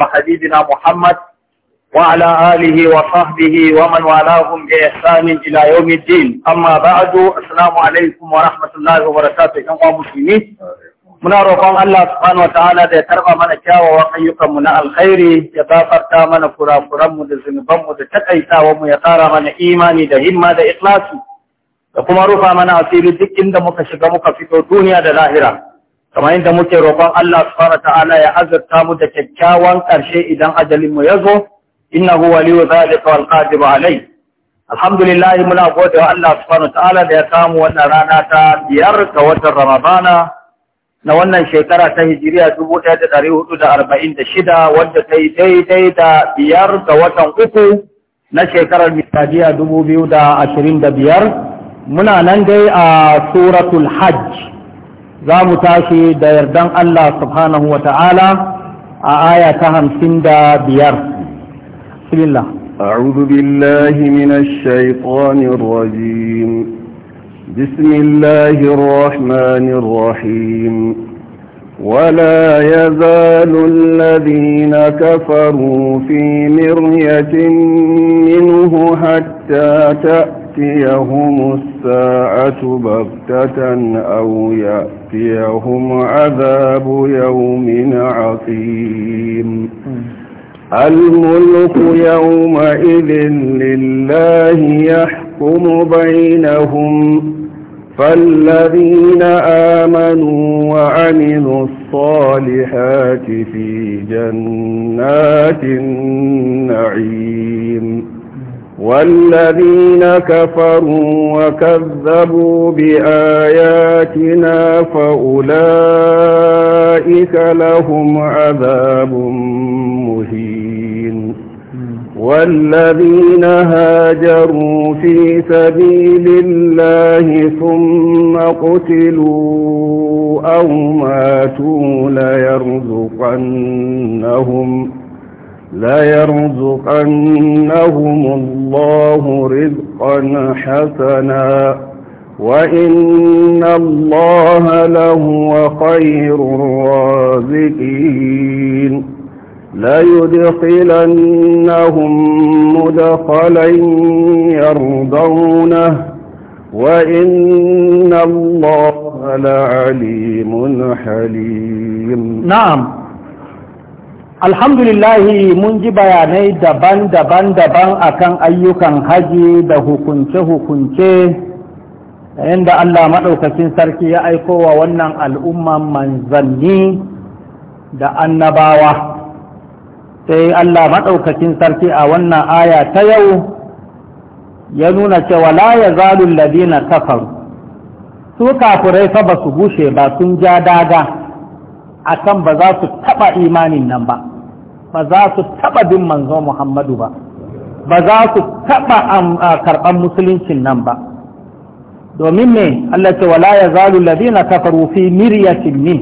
وحبيبنا محمد وعلى آله وصحبه ومن والاهم بإحسان Amma يوم الدين أما بعد السلام عليكم ورحمة الله وبركاته يا مسلمين muna roƙon Allah subhanahu da ya tarba mana kyawawan ayyukan mu na alkhairi ya gafarta mana kurakuran mu da zunuban da takaitawan mu ya ƙara mana imani da himma da ikhlasi da kuma rufa mana asiri duk inda muka shiga muka fito duniya da lahira kamar yadda muke roƙon Allah subhanahu ta'ala ya azurta mu da kyakkyawan ƙarshe idan ajalin mu yazo innahu waliyyu zalika wal qadir alai alhamdulillah muna gode Allah subhanahu ta'ala da ya samu wannan rana ta biyar ga watan ramadana na wannan shekara ta hijiriya 1446 wanda ta yi daidai da biyar ga watan uku na shekarar miladiya 2025 muna nan dai a suratul hajj za mu tashi da yardan Allah subhanahu wa ta'ala a aya ta hamsin da biyar. Bismillah. أعوذ بالله من الشيطان الرجيم بسم الله الرحمن الرحيم ولا يزال الذين كفروا في مرية منه حتى تأتي تأتيهم الساعة بغتة أو يأتيهم عذاب يوم عقيم الملك يومئذ لله يحكم بينهم فالذين آمنوا وعملوا الصالحات في جنات النعيم والذين كفروا وكذبوا بآياتنا فأولئك لهم عذاب مهين والذين هاجروا في سبيل الله ثم قتلوا أو ماتوا ليرزقنهم ليرزقنهم الله رزقا حسنا وإن الله لهو خير الرازقين ليدخلنهم مدخلا يرضونه وإن الله لعليم حليم نعم alhamdulillahi mun ji bayanai daban-daban daban akan ayyukan haji da hukunce-hukunce yadda Allah maɗaukacin sarki ya aiko wa wannan al'umman manzanni da annabawa sai Allah maɗaukacin sarki a wannan aya ta yau ya nuna cewa la ya zalun ladina kafaru su kafurai fa ba su gushe ba sun ja daga akan ba za su taba imanin nan ba ba za su taba bin manzo Muhammadu ba ba za su taba karban musuluncin nan ba domin me Allah ce wala yazalu ladina kafaru fi miryatin min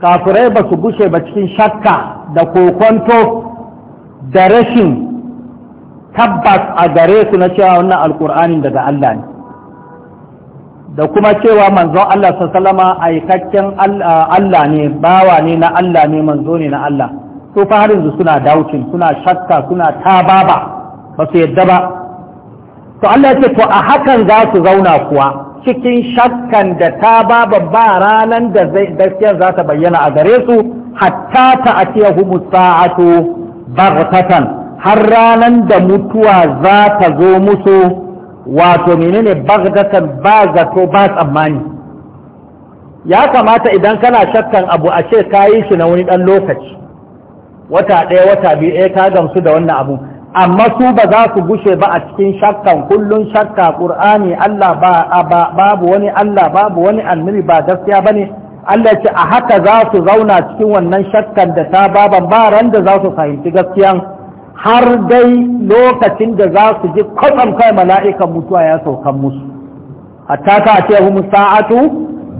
kafirai ba su gushe ba cikin shakka da kokonto da rashin tabbas a gare su na cewa wannan alkur'anin daga Allah ne da kuma cewa manzon Allah sallama aikakken Allah ne bawa ne na Allah ne manzo ne na Allah to fa har suna daukin, suna shakka suna tababa ba su yadda ba to Allah ce to a hakan za su zauna kuwa cikin shakkan da tababa ba ranan da gaskiya za ta bayyana a gare su hatta ta atiyahumus sa'atu baghtatan har ranan da mutuwa za ta zo musu wato menene bagdatan ba zato ba tsammani ya kamata idan kana shakkan abu a ce ka yi shi na wani ɗan lokaci wata ɗaya wata biyu ɗaya eh, ka gamsu da wannan abu amma su ba za su gushe ba a cikin shakkan kullum shakka ƙur'ani Allah ba babu wani Allah babu wani annabi ba gaskiya bane Allah ce a haka za su zauna cikin wannan shakkan da ta baban ba ran da za su fahimci gaskiyan har dai lokacin da za su ji kwatsam kai mala'ikan mutuwa ya saukan musu hatta ta ce hu sa'atu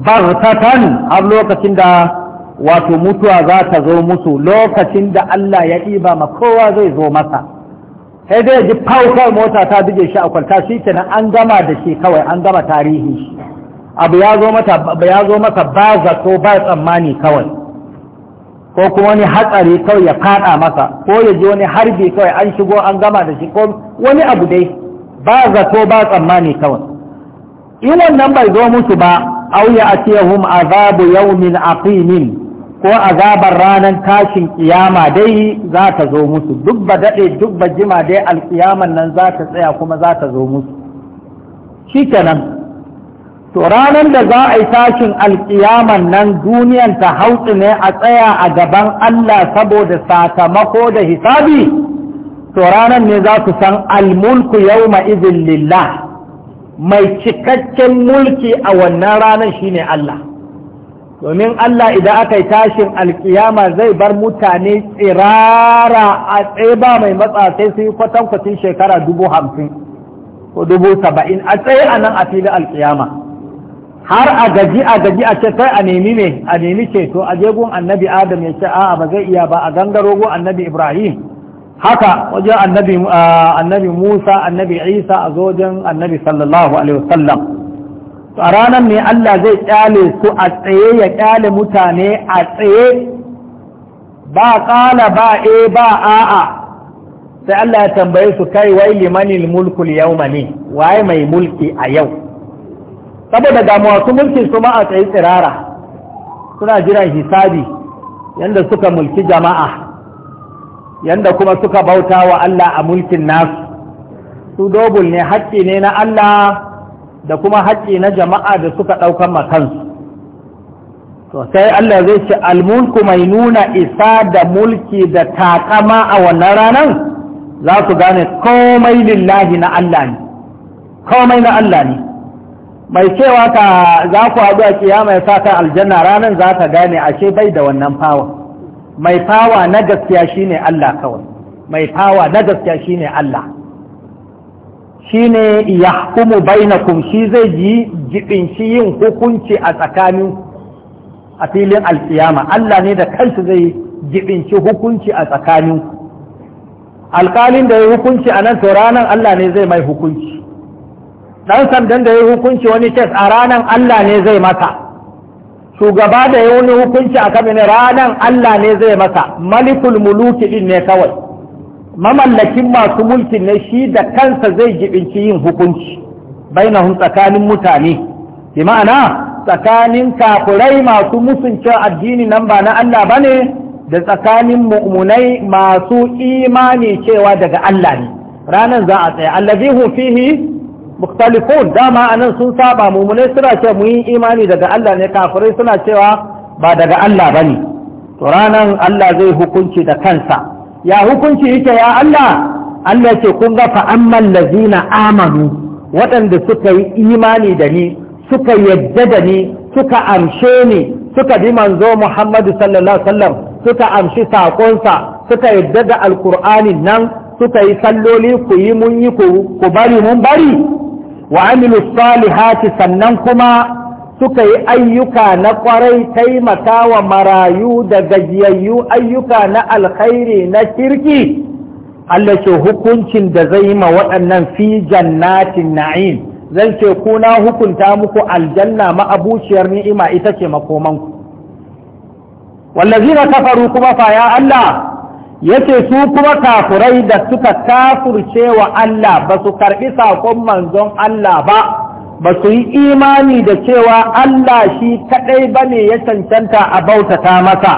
bartatan har lokacin da wato mutuwa za ta zo musu lokacin da Allah ya ɗiba ma kowa zai zo masa sai dai ji faukar mota ta buge shi a kwalta shi nan an gama da shi kawai an gama tarihi shi abu ya zo masa ba zato ba tsammani kawai ko kuma wani hatsari kawai ya fada masa ko ya ji wani harbi kawai an shigo an gama da shi ko wani abu dai ba zato ba tsammani kawai in wannan bai zo musu ba aw ya atiyahum azabu yawmin aqimin ko azabar ranan tashin kiyama dai za ta zo musu duk ba daɗe duk ba jima dai alkiyaman nan za ta tsaya kuma za ta zo musu shikenan to ranar da za a yi tashin alkiyaman nan duniyan ta hautsi ne a tsaya a gaban Allah saboda sakamako da hisabi to ranar ne za ku san almulku yau izin lillah mai cikakken mulki a wannan ranar shine Allah domin Allah idan aka yi tashin alkiyama zai bar mutane tsirara a tseba mai matsa sai su yi kwatankwacin shekara dubu hamsin ko dubu saba'in a tsaye a nan a fili alkiyama har a gaji a gaji a ce sai a nemi ne a nemi to a je gun annabi adam ya ce a'a ba zai iya ba a gangaro gun annabi ibrahim haka wajen annabi annabi musa annabi isa a annabi sallallahu alaihi wasallam a ranar ne allah zai kyale su a tsaye ya kyale mutane a tsaye ba kala ba e ba a'a sai allah ya tambaye su kai wai limanil mulkul yawma ne waye mai mulki a yau saboda damuwa su mulkin su ma a tsaye tsirara suna jiran hisabi yanda suka mulki jama'a yanda kuma suka bauta wa Allah a mulkin nasu su dobul ne haƙƙi ne na Allah da kuma haƙƙi na jama'a da suka ɗaukan makansu to sai Allah zai ce almulku mai nuna isa da mulki da takama a wannan ranar za su gane komai lillahi na Allah ne komai na Allah ne mai cewa ka za ku haɗu a kiyama ya sa aljanna ranar za ka gane ashe bai da wannan fawa mai fawa na gaskiya shine Allah kawai mai fawa na gaskiya shine Allah shine yahkumu bainakum shi zai yi shi yin hukunci a tsakanin a filin alkiyama Allah ne da kansa zai shi hukunci a tsakanin alkalin da ya hukunci a nan to ranar Allah ne zai mai hukunci ɗan sandan da ya hukunci wani kes a ranar Allah ne zai masa shugaba da ya wani hukunci a kamini ranar Allah ne zai masa malikul muluki ɗin ne kawai mamallakin masu mulkin ne shi da kansa zai jibinci yin hukunci bainahum tsakanin mutane bi ma'ana tsakanin kafurai masu musuncin addini nan ba na Allah ba ne, da tsakanin mu'munai masu imani cewa daga Allah ne ranar za a tsaya allazi fihi mukhtalifun dama anan sun saba mumune suna cewa mu yi imani daga Allah ne kafirai suna cewa ba daga Allah bane to ranan Allah zai hukunci da kansa ya hukunci yake ya Allah Allah ce kun ga fa amman lazina amanu waɗanda suka yi imani da ni suka yadda da ni suka amshe ni suka bi manzo Muhammadu sallallahu alaihi wasallam suka amshi sakonsa suka yadda da alkur'anin nan suka yi salloli ku yi mun yi ku bari mun bari wa amilu salihati sannan kuma suka yi ayyuka na kwarai taimaka wa marayu da gajiyayyu ayyuka na alkhairi na kirki Allah ce hukuncin da zai ma waɗannan fi jannatin na'im zan ce kuna hukunta muku aljanna ma'abuciyar ni'ima ita ce makomanku wallazina kafaru kuma fa ya Allah Yake su kuma kafurai da suka kafurce wa Allah ba su karɓi sakon manzon Allah ba ba su yi imani da cewa Allah shi kaɗai ba ne ya cancanta a bautata masa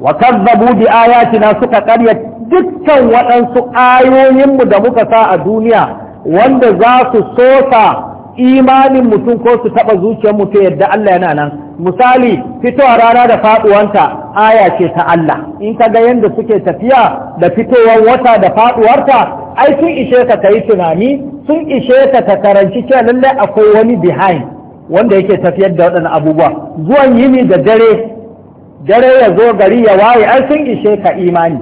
wa kazzabu bi ayatina suka karya dukkan waɗansu ayoyinmu da muka sa a duniya wanda za su sosa imanin mutum ko su taɓa zuciyar mutum yadda Allah yana nan misali fitowa rana da faɗuwanta aya ce ta Allah in ka ga yadda suke tafiya da fitowar wata da faɗuwarta ai sun ishe ka yi tunani sun ishe ka ta karanci cewa lallai akwai wani behind wanda yake tafiyar da waɗannan abubuwa zuwan yini da dare dare ya zo gari ya waye ai sun ishe ka imani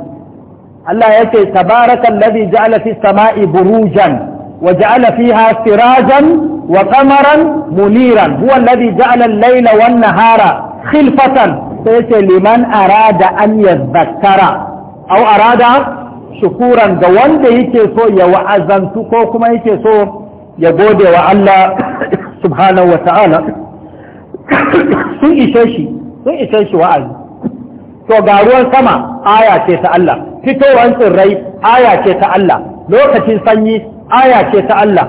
Allah ya ce tabarakan ja'ala fis sama'i burujan وجعل فيها سراجا وقمرا منيرا هو الذي جعل الليل والنهار خلفة لمن أراد أن يذكر أو أراد شكورا دوان ده يكسو يوعزنتكو كما يكسو يقود وعلا سبحانه وتعالى sun ishe shi sun ishe shi wa'azi to ga ruwan sama aya ce ta Allah fitowar tsirrai aya ce ta Allah lokacin sanyi aya ce ta Allah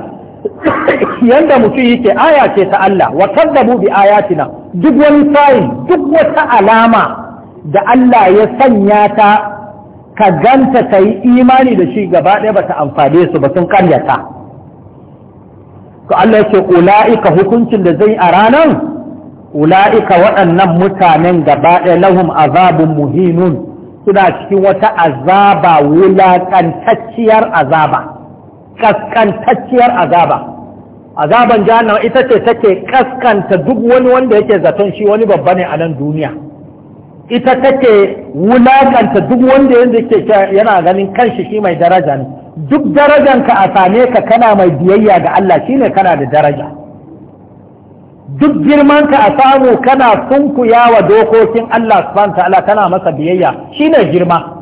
yanda mutum yake aya ce ta Allah wa kaddabu bi ayatina duk wani sayin duk wata alama da Allah ya sanya ta ka ganta ta yi imani da shi gaba ɗaya ba ta amfane su ba sun karyata to Allah ya ula'ika hukuncin da zai a ranar ula'ika waɗannan mutanen gaba ɗaya lahum azabun muhinun suna cikin wata azaba wulaƙantacciyar azaba kaskantacciyar azaba azaban jahannama ita ce take kaskanta duk wani wanda yake zaton shi wani babba ne a nan duniya ita take wulakanta duk wanda yake yana ganin kanshi shi mai daraja ne duk darajanka a same ka kana mai biyayya ga Allah shine kana da daraja duk ka a samu kana sunkuya wa dokokin Allah subhanahu ta'ala kana masa biyayya shine girma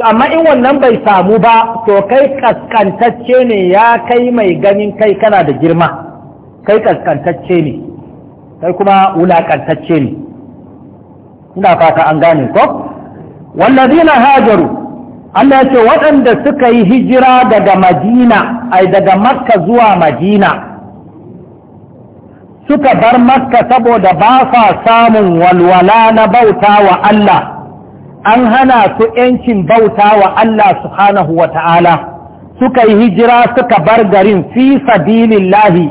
amma in wannan bai samu ba to kai kaskantacce ne ya kai mai ganin kai kana da girma kai kaskantacce ne kai kuma wulakantacce ne ina fata an gane ko wallazina hajaru Allah ya ce waɗanda suka yi hijira daga Madina ai daga Makka zuwa Madina suka bar Makka saboda ba sa samun walwala na bauta wa Allah an hana su ‘yancin bauta wa Allah subhanahu wa ta'ala suka yi hijira suka bar garin fi lahi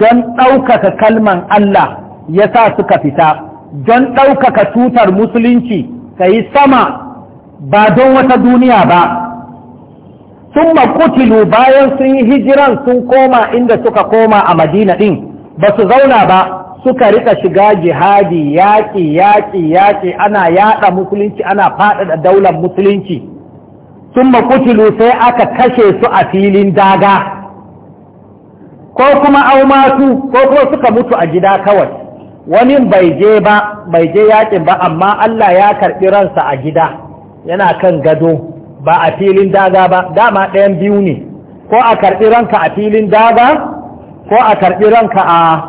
don ɗaukaka kalman Allah ya sa suka fita don ɗaukaka tutar musulunci ta yi sama ba don wata duniya ba sun makutilu bayan sun yi hijiran sun koma inda suka koma a madina ɗin ba su zauna ba suka rika shiga jihadi yaƙi yaƙi yaƙi ana yaɗa musulunci ana faɗaɗa daular musulunci sun kutulu sai aka kashe su a filin daga ko kuma aumatu ko kuma suka mutu a gida kawai wani bai je ba bai je yaƙin ba amma Allah ya karɓi ransa a gida yana kan gado ba a filin daga ba dama ɗayan biyu ne ko a karɓi ranka a filin daga ko a karɓi ranka a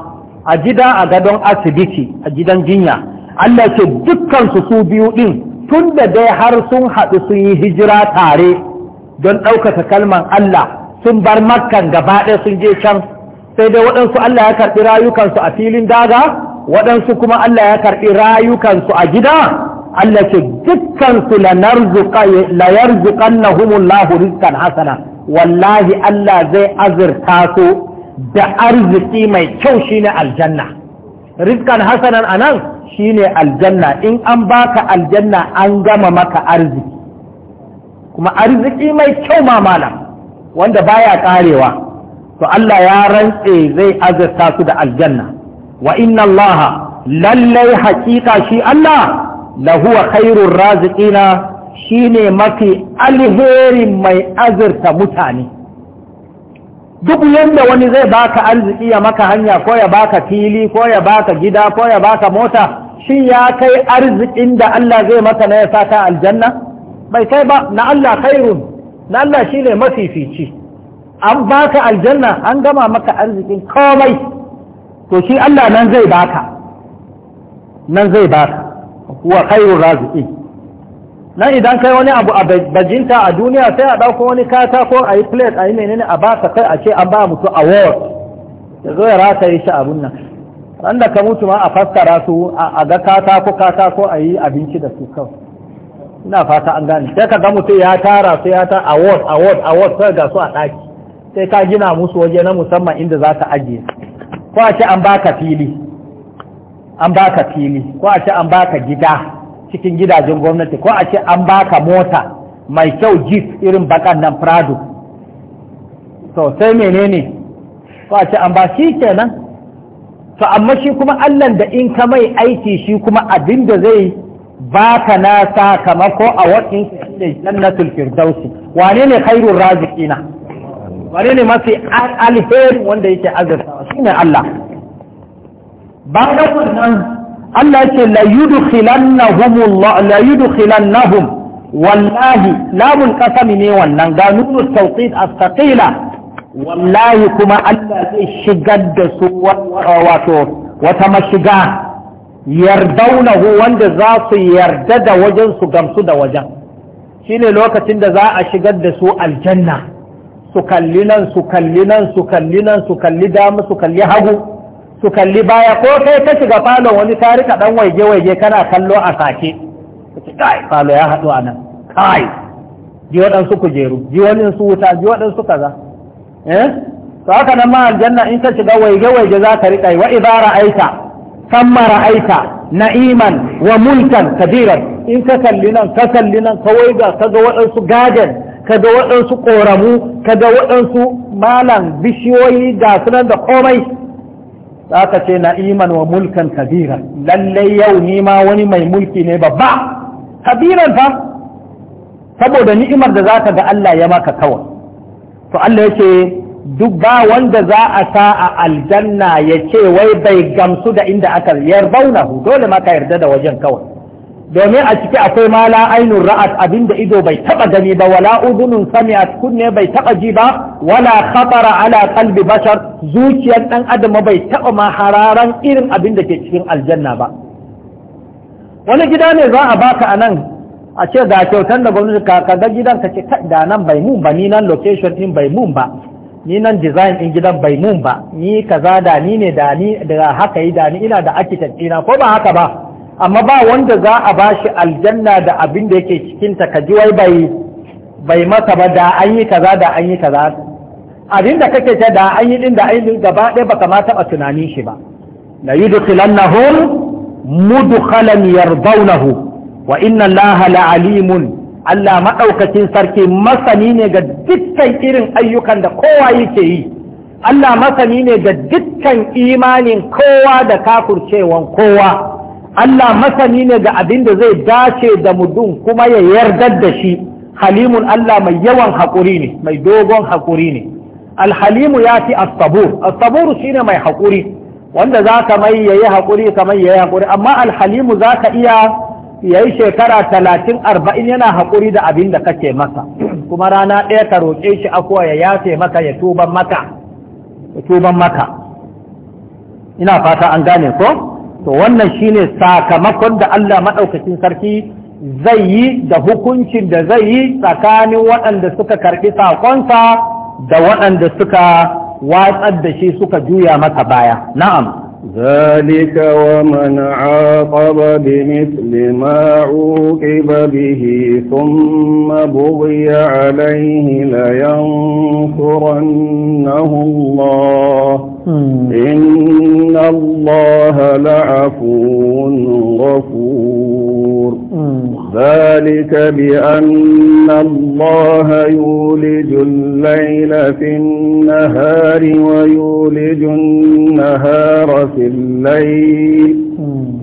a gida a gadon asibiti a gidan jinya Allah ce dukkan su su biyu din tun da dai har sun haɗu sun yi hijira tare don ɗaukaka kalman Allah sun bar makkan gaba ɗaya sun je can sai dai waɗansu Allah ya karɓi rayukansu a filin daga waɗansu kuma Allah ya karɓi rayukansu a gida Allah ce dukkan dukkansu la yarzuqannahumullahu rizqan hasana wallahi Allah zai azurta su da arziki mai kyau shine aljanna rizkan hasanan anan shine aljanna in an baka aljanna an gama maka arziki kuma arziki mai kyau mamala malam wanda baya karewa to Allah ya rantse zai azurta su da aljanna wa inna Allah lallai hakika shi Allah lahuwa khairur raziqina shine mafi alherin mai azurta mutane duk yadda wani zai baka arziki ya maka hanya ko ya baka fili ko ya baka gida ko ya baka mota shi ya kai arzikin da Allah zai maka na ya ta aljanna bai kai ba na Allah khairun na Allah shine mafifici an baka aljanna an gama maka arzikin komai to shi Allah nan zai baka nan zai baka huwa khairur raziqin nan idan kai wani abu a bajinta a duniya sai a ɗauko wani katako a yi plate a yi menene a ba ka kai a ce an ba mutu award ya zo ya rata yi shi abin nan ran da ka mutu ma a fassara su a ga katako katako a yi abinci da su kawai ina fata an gane sai ka ga mutu ya tara su ya ta award a award sai ga su a ɗaki sai ka gina musu waje na musamman inda za ka ajiye ko a ce an ba ka fili an ba ka fili ko a ce an ba ka gida cikin gidajen gwamnati ko a ce an baka mota mai kyau jeep irin bakan nan prado to sai menene ko a ce an ba shi kenan to amma shi kuma allan da in ka mai aiki shi kuma abin da zai baka na sakamako a wadin jannatul firdausi wane ne khairur raziqina wane ne mafi alheri wanda yake azurta shine Allah bayan wannan Allah ce la yudkhilannahum la yudkhilannahum wallahi lamun qasami ne wannan ga nuru tawqid astaqila wallahi kuma Allah zai shigar da su wato wata mashiga yardaunahu wanda za su yarda da wajen su gamsu da wajen shine lokacin da za a shigar da su aljanna su kalli nan su kalli nan su kalli nan su kalli dama su kalli hagu su kalli baya ko kai ka shiga falon wani tarika dan waje-waje kana kallo a sake kai falo ya haɗu a nan kai ji waɗansu kujeru ji waɗansu wuta ji waɗansu kaza eh to haka nan ma aljanna in ka shiga waje-waje za ka riƙa wa idara aita samma ra'aita na'iman wa mulkan kabiran in ka kalli nan ka kalli nan ka waiga ka ga waɗansu gajen kaga waɗansu ƙoramu kaga waɗansu malam bishiyoyi ga sunan da komai za ka ce na'iman wa mulkan kabira lallai yau ni ma wani mai mulki ne babba kabiran fa saboda ni'imar da za ka ga Allah ya maka kawai to Allah ya ce duk ba wanda za a sa a aljanna ya ce wai bai gamsu da inda aka yarbauna dole ma ka yarda da wajen kawai domin a ciki akwai ma la ainun ra'at abinda ido bai taba gani ba wala udunun sami'at kunne bai taba ji ba wala khatara ala qalbi bashar zuciyar dan adam bai taba ma hararan irin abinda ke cikin aljanna ba wani gida ne za a baka anan a ce ga kyautar da gwamnati ka ga gidan ka ce da nan bai mun ba ni nan location din bai mun ba ni nan design din gidan bai mun ba ni kaza da ni ne da ni daga haka yi da ni ina da architect ina ko ba haka ba amma ba wanda za a bashi aljanna da abin da yake cikin ta kaji wai bai bai masa ba da an yi kaza da an yi kaza abin da kake ta da an yi din da an yi gaba ɗaya baka ma taɓa tunanin shi ba la yudkhilannahum mudkhalan yardawnahu wa inna allaha la'alimun Allah maɗaukacin sarki masani ne ga dukkan irin ayyukan da kowa yake yi Allah masani ne ga dukkan imanin kowa da kafurcewan kowa Allah masani ne ga abin da zai dace da mudun kuma ya yarda da shi halimun Allah mai yawan haƙuri ne mai dogon haƙuri ne alhalimu ya fi asabur asabur shi ne mai haƙuri wanda za ka mai ya yi haƙuri mai ya yi haƙuri amma alhalimu za ka iya ya shekara talatin arba'in yana haƙuri da abin da kake masa kuma rana ɗaya ka roƙe shi akuwa ya yafe maka ya tuban maka ina fata an gane ko to wannan shine sakamakon da Allah maɗaukacin sarki zai yi da hukuncin da zai yi tsakanin waɗanda suka karɓi saƙonsa da waɗanda suka watsar da shi suka juya masa baya na'am ذلك ومن عاقب بمثل ما عوقب به ثم بغي عليه لينصرنه الله إن الله لعفو غفور الصدور ذلك بأن الله يولج الليل في النهار ويولج النهار في الليل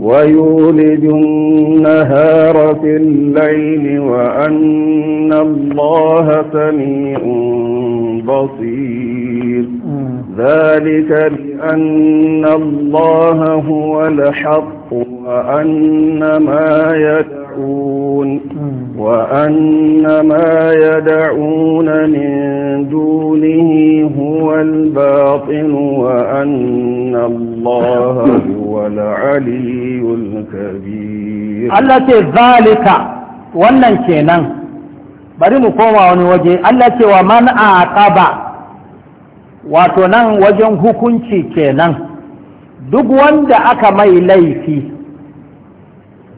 ويولد النهار في الليل وأن الله سميع بصير ذلك لأن الله هو الحق وأن ما يدعون يدعون وأن ما يدعون من دونه هو الباطل وأن الله هو العلي الكبير التي ذلك wannan kenan bari mu koma wani waje Allah ce wa man aqaba wato nan wajen hukunci kenan duk wanda aka mai laifi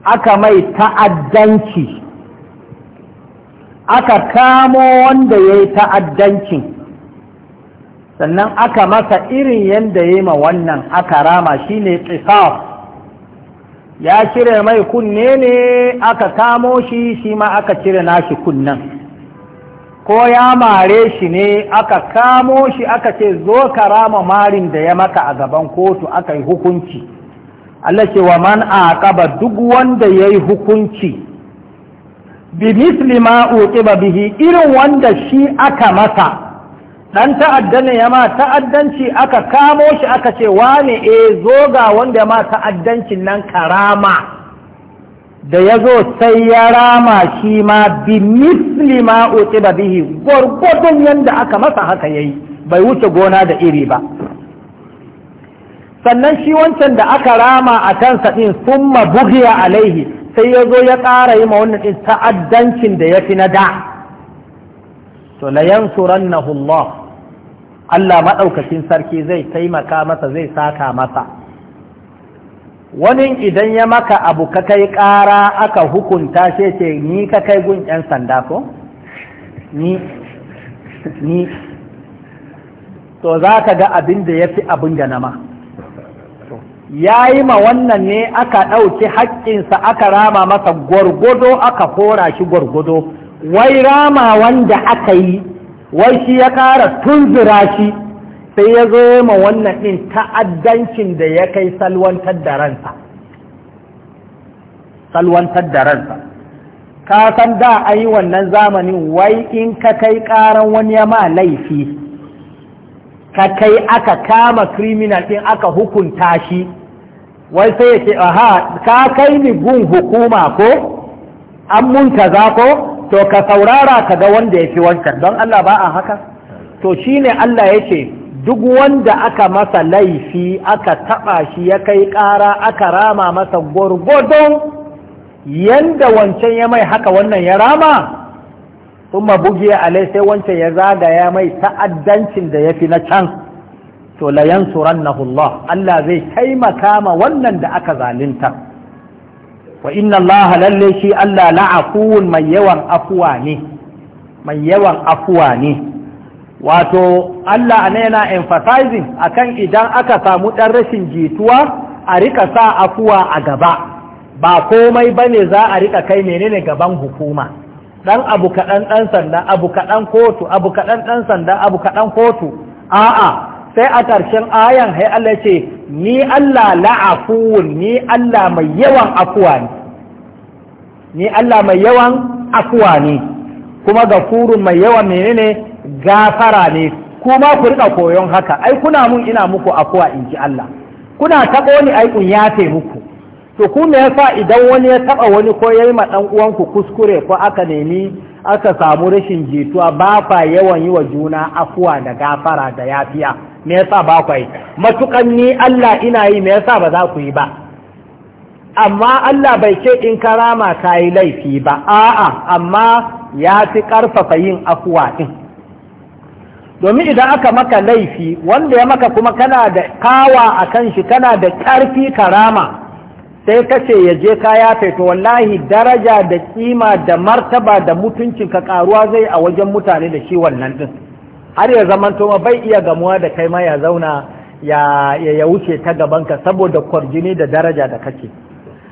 aka mai ta'addanci aka kamo wanda ya yi ta'addanci sannan aka masa irin yadda ya yi ma wannan aka rama shi ne ya cire mai kunne ne aka kamo shi shi ma aka cire nashi kunnen ko ya mare shi ne aka kamo shi aka ce zo ka rama marin da ya maka a gaban kotu aka yi hukunci Allah ce wa man aqaba duk wanda yayi hukunci bi misli ma uqiba bihi irin wanda shi aka masa dan ta'adda ne ya ma ta'addanci aka kamo shi aka ce wane e zo ga wanda ma ta'addancin nan karama da ya zo sai ya rama shi ma bi misli ma uqiba bihi gurgudun yanda aka masa haka yayi bai wuce gona da iri ba sannan shi wancan da aka rama a kansa ɗin sun bugiya alaihi sai ya zo ya ƙara yi ma wannan ɗin ta'addancin da ya fi na da to la yansurannahu Allah Allah maɗaukacin sarki zai taimaka masa zai saka masa wani idan ya maka abu ka kai ƙara aka hukunta shi ce ni ka kai gun 'yan sanda ko? ni ni to za ka ga abin da ya fi abin da nama ya yi ma wannan ne aka ɗauki haƙƙinsa aka rama masa gwargwado aka kora shi gwargwado wai rama wanda aka yi wai shi ya ƙara tunzura shi sai ya zo ma wannan ɗin ta'addancin da ya kai salwantar da ransa salwantar da ransa ka san da a yi wannan zamanin wai in ka kai ƙaran wani ya ma laifi ka kai aka kama criminal ɗin aka hukunta shi wai sai ya ce aha ka kai ni gun hukuma ko an mun kaza ko to ka saurara ka ga wanda ya fi wancan don Allah ba a haka to shine Allah ya ce duk wanda aka masa laifi aka taɓa shi ya kai ƙara aka rama masa gwargwadon yanda wancan ya mai haka wannan ya rama sun mabugiya alai sai wancan ya zagaya mai ta'addancin da ya fi na can to la yansurannahu Allah Allah zai taimaka ma wannan da aka zalunta wa inna Allah lalle shi Allah afuwun mai yawan afuwa ne mai yawan afuwa ne wato Allah ne yana emphasizing akan idan aka samu dan rashin jituwa a rika sa afuwa a gaba ba komai bane za a rika kai menene gaban hukuma dan abu kaɗan ɗan sanda abu kaɗan kotu abu kaɗan ɗan sanda abu kaɗan kotu a'a sai a ƙarshen ayan hai Allah ce ni Allah la'afuwun ni Allah mai yawan afuwa ne ni Allah mai yawan afuwa ne kuma gafurun mai yawan menene gafara ne kuma ku rika koyon haka ai kuna mun ina muku afuwa in ji Allah kuna taɓo ni aikun ya yafe muku to ku me yasa idan wani ya taɓa wani ko yayi ma dan uwanku kuskure ko aka nemi aka samu rashin jituwa ba fa yawan yi wa juna afuwa da gafara da yafiya me yasa ba ku yi matukan ni Allah ina yi me yasa ba za ku yi ba amma Allah bai ce in karama ka yi laifi ba a'a amma ya fi karfafa yin afuwa din domin idan aka maka laifi wanda ya maka kuma kana da kawa a kan shi kana da karfi karama sai ka ce ya je kaya yafe to wallahi daraja da kima da martaba da mutuncin ka karuwa zai a wajen mutane da shi wannan din har ya zama to bai iya gamuwa da kai ma ya zauna ya ya wuce ta gabanka saboda kwarjini da daraja da kake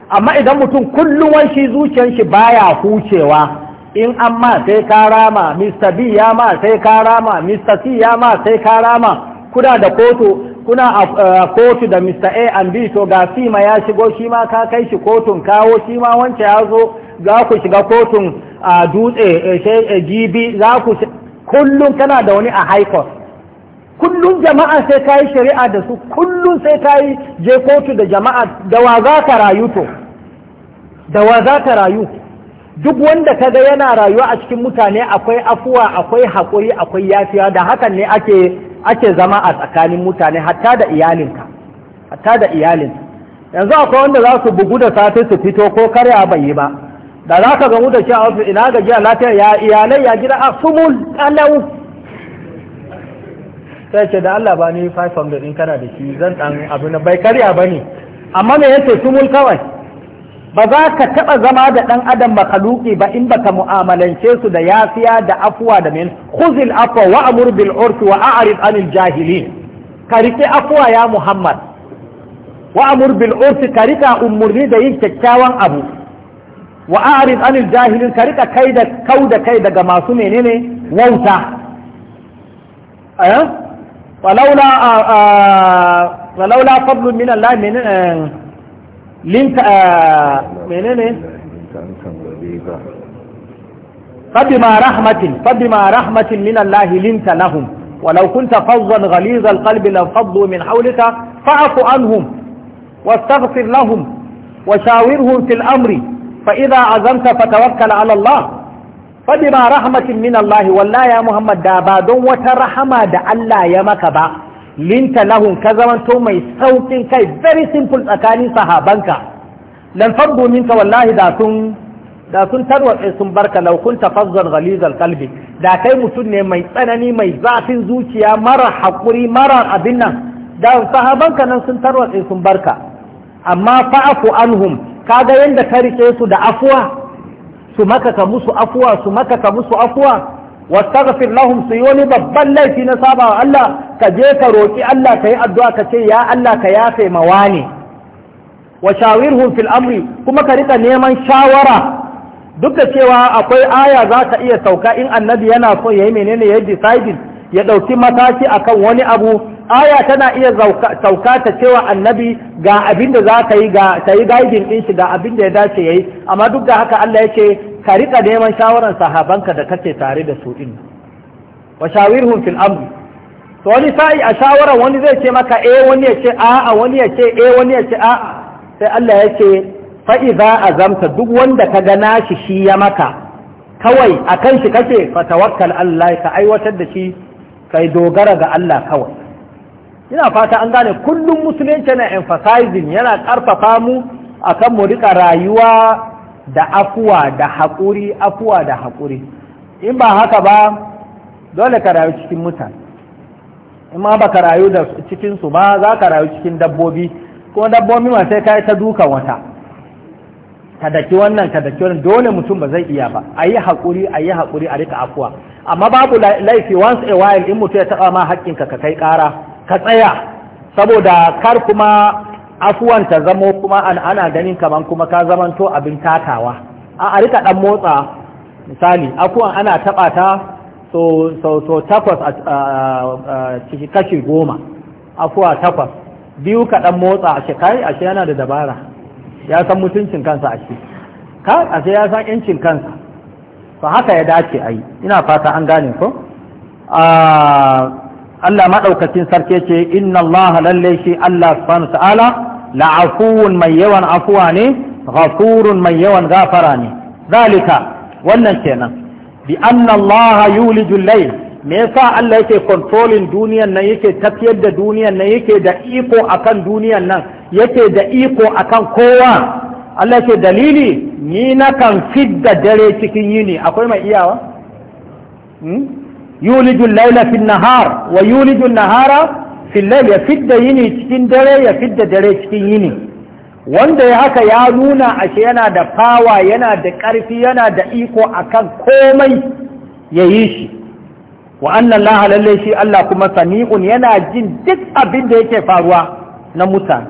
amma idan mutum kullum shi zuciyar shi baya hucewa in an ma sai ka rama Mr. B ya ma sai ka rama Mr. C ya ma sai ka rama kuna da kotu kuna a uh, kotu da Mr. A and B to ga C ma ya shigo shi ma ka kai shi kotun kawo shi ma wance ya zo za ku shiga kotun a uh, dutse eh, eh, GB za ku kullum kana da wani a high court kullum jama'a sai yi shari'a da su kullum sai kayi je kotu da jama'a da wa za ka rayu to da wa za ka rayu duk wanda kaga yana rayuwa a cikin mutane akwai afuwa akwai hakuri akwai yafiya da hakan ne ake ake zama a tsakanin mutane hatta da iyalinka hatta da iyalin yanzu akwai wanda za su bugu da safe su fito ko karya bai yi ba da za ka gamu da shi a ofis ina gajiya lafiya ya iyalai ya gida a sumul alau sai ce da Allah ba ni 500 in kana da shi zan dan abin na bai karya ba ne amma me yace sumul kawai ba za ka taɓa zama da ɗan adam makaluki ba in baka mu'amalance su da yafiya da afuwa da min khuzil afwa wa amur bil urfi wa a'rid anil jahilin ka rike afuwa ya muhammad wa amur bil urfi ka rika umurni da yin kyakkyawan abu وأعرض عن الجاهلين كاريكا كيدا كودا كيدا كما سمينين ووتا أه؟ ولولا آه آه ولولا فضل من الله من آه، لنت آه من فبما رحمة فبما رحمة من الله لنت لهم ولو كنت فظا غليظ القلب لانفضوا من حولك فاعف عنهم واستغفر لهم وشاورهم في الامر fa’iza a zanta fatawakkala Allah, faɗi ba rahamacin min Allah, ya Muhammad da ba don wata rahama da Allah ya maka ba, linta nahu ka zamanto mai saukin kai, very simple tsakanin sahabanka, lan faddo min ka da sun tarwa sun barka laukun tafazzar ghalizar kalbi, da kai mutum ne mai tsanani mai zafin zuciya mara haƙuri mara abin nan, da sahabanka nan sun tarwatse tsaye sun barka. Amma fa'afu anhum kaga yadda ka rike su da afuwa su maka ka musu afuwa su maka ka musu afuwa wastaghfir lahum su yi wani babban laifi na saba wa Allah ka je ka roki Allah ka yi addu'a ka ce ya Allah ka yafe ma wani wa shawirhum fil amri kuma ka rika neman shawara duk da cewa akwai aya za ka iya sauka in annabi yana so yayi menene ya decide ya ɗauki mataki akan wani abu aya tana iya sauka ta cewa annabi ga abin da za ka yi ga ta yi gaidin ɗin shi ga abin da ya dace ya yi amma duk da haka Allah ya ce ka riƙa neman shawaran sahabanka da kake tare da su ɗin wa shawirhum fil amri to wani sa'i a shawaran wani zai ce maka eh wani ya ce a'a wani ya ce eh wani ya ce a'a sai Allah ya ce fa idza azamta duk wanda ka ga nashi shi ya maka kawai akan shi kake fa tawakkal Allah ka aiwatar da shi kai dogara ga Allah kawai ina fata an gane kullum musulunci na emphasizing yana karfafa mu akan mu rika rayuwa da afuwa da haƙuri afuwa da haƙuri in ba haka ba dole ka rayu cikin mutane in ma ba ka rayu da cikin su ba za ka rayu cikin dabbobi kuma dabbobi ma sai ka yi ta dukan wata ka daki wannan ka daki wannan dole mutum ba zai iya ba a yi haƙuri a yi haƙuri a rika afuwa amma babu laifi once a while in mutum ya taɓa ma haƙƙinka ka kai ƙara ka tsaya saboda kar kuma afuwan ta zamo kuma ana ganin kaman kuma ka zamanto abin takawa a rika ɗan motsa misali afuwan ana taɓa ta so so takwas a ciki kashi goma afuwa takwas biyu ka ɗan motsa a shekari a yana da dabara ya san mutuncin kansa a shi ka a sai ya san yancin kansa to haka ya dace a yi ina fata an gane ko Allah maɗaukacin sarki ce inna Allah lalle shi Allah subhanahu ta'ala la'afuwun mai yawan afuwa ne ghafurun mai yawan gafara ne zalika wannan kenan bi anna Allah yulijul layl me yasa Allah yake controlling duniyan nan yake tafiyar da duniyan nan yake da iko akan duniyan nan yake da iko akan kowa Allah yake dalili ni na kan fidda dare cikin yini akwai mai iyawa hmm? yulidu laila fi nahar wa yulidu nahara fi lail ya fidda yini cikin dare ya fidda dare cikin yini wanda ya haka ya nuna ashe yana da fawa yana da karfi yana da iko akan komai ya yi shi wa annan laha lalle shi Allah kuma sami'un yana jin duk abin da yake faruwa na mutane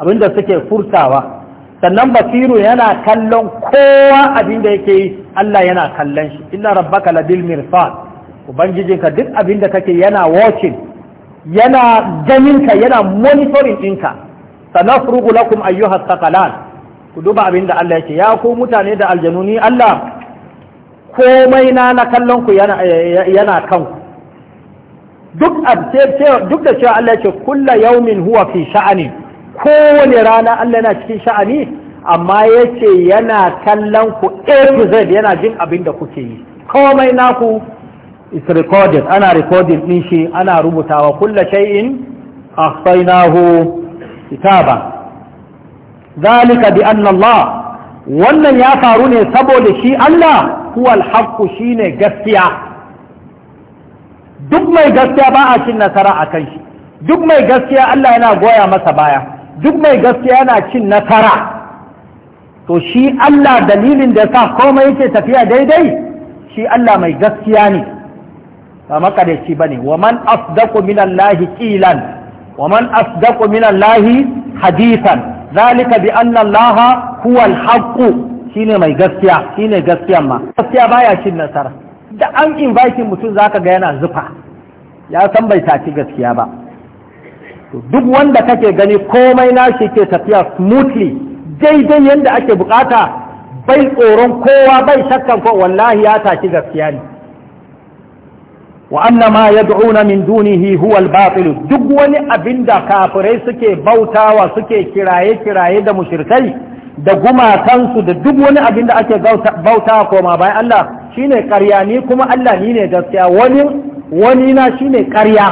abin da suke furtawa sannan basiru yana kallon kowa abin da yake yi Allah yana kallon shi inna rabbaka labil mirsad ubangijinka duk abin da kake yana watching yana ganinka yana monitoring ɗinka sanafrugu lakum ayyuhas saqalan ku duba abin da Allah yake ya ku mutane da aljanuni Allah komai na na kallon ku yana kan kanku duk duk da cewa Allah ya ce kulla yaumin huwa fi sha'ani kowane rana Allah yana cikin sha'ani amma yace yana kallon ku A to Z yana jin abin da kuke yi komai naku is recorded ana recording din shi ana rubutawa kulla shay'in ahsaynahu kitaba zalika bi anna Allah wannan ya faru ne saboda shi Allah huwal hakku shine gaskiya duk mai gaskiya ba a cin nasara a kan shi duk mai gaskiya Allah yana goya masa baya duk mai gaskiya yana cin nasara to shi Allah dalilin da sa komai yake tafiya daidai shi Allah mai gaskiya ne ba makadaici bane wa man asdaqu minallahi qilan wa man asdaqu minallahi hadithan zalika bi anna allaha huwal haqqu ne mai gaskiya shine gaskiyan ma gaskiya baya cin nasara da an invite mutum zaka ga yana zufa ya san bai taci gaskiya ba duk wanda kake gani komai na shi ke tafiya smoothly daidai yadda ake bukata bai tsoron kowa bai shakkan ko wallahi ya taci gaskiya ne wa ma yad'una min dunihi huwa al duk wani abinda kafirai suke bautawa suke kiraye kiraye da mushrikai da gumakansu da duk wani abin da ake bauta koma bayan Allah ne ƙarya ni kuma Allah ni ne gaskiya wani wani na ne ƙarya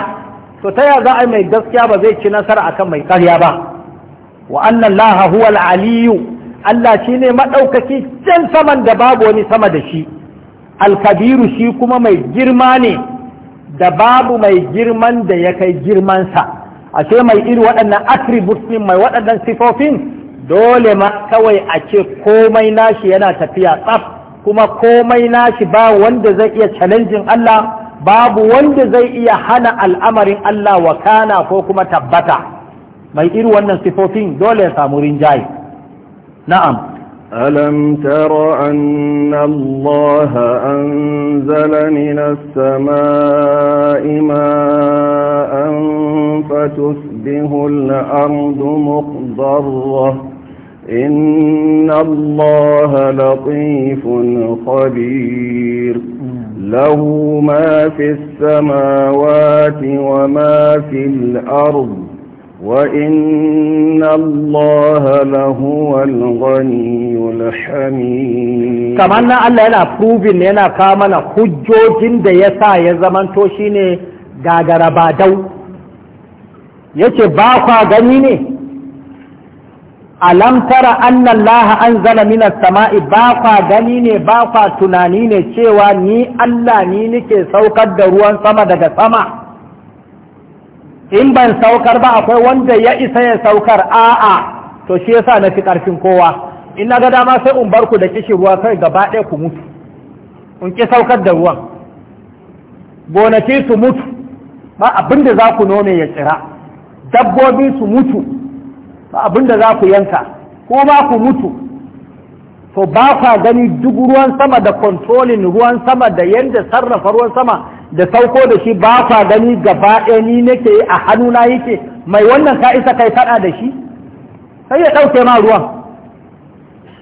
to ta ya za a mai gaskiya ba zai ci nasara akan mai ƙarya ba wa annan laha huwa aliyu Allah shine maɗaukaki can saman da babu wani sama da shi alkabiru shi kuma mai girma ne da babu mai girman da ya kai girmansa ashe mai iri waɗannan attributes mai waɗannan sifofin dole ma kawai a ce komai nashi yana tafiya tsaf kuma komai nashi ba wanda zai iya challenging Allah babu wanda zai iya hana al'amarin Allah wa kana ko kuma tabbata mai iri wannan sifofin dole ya samu rinjaye na'am ألم تر أن الله أنزل من السماء ماء فتسبه الأرض مخضرة إن الله لطيف خبير له ما في السماوات وما في الأرض وإن الله لهو الغني الحميد كما أن الله لا بروفين يلا كامنا حجوجين دا يسا يزمان توشيني غاغربا دو yace ba kwa gani alam tara anna allaha anzala minas sama'i ba kwa gani ne ba kwa tunani ne cewa ni Allah ni nike saukar da ruwan sama daga sama in ban saukar ba akwai wanda ya isa ya saukar a'a to shi yasa na fi karfin kowa in na ga dama sai in bar ku da kishi ruwa kai gaba ɗaya ku mutu in ki saukar da ruwan gonaki su mutu ba abin da za ku nome ya tsira dabbobi su mutu ba abinda za ku yanka ko ba ku mutu to ba ka gani duk ruwan sama da kontrolin ruwan sama da yadda sarrafa ruwan sama da sauko da shi ba ka gani gaba ɗaya ni nake a hannuna yake mai wannan ka isa kai faɗa da shi sai ya ɗauke ma ruwan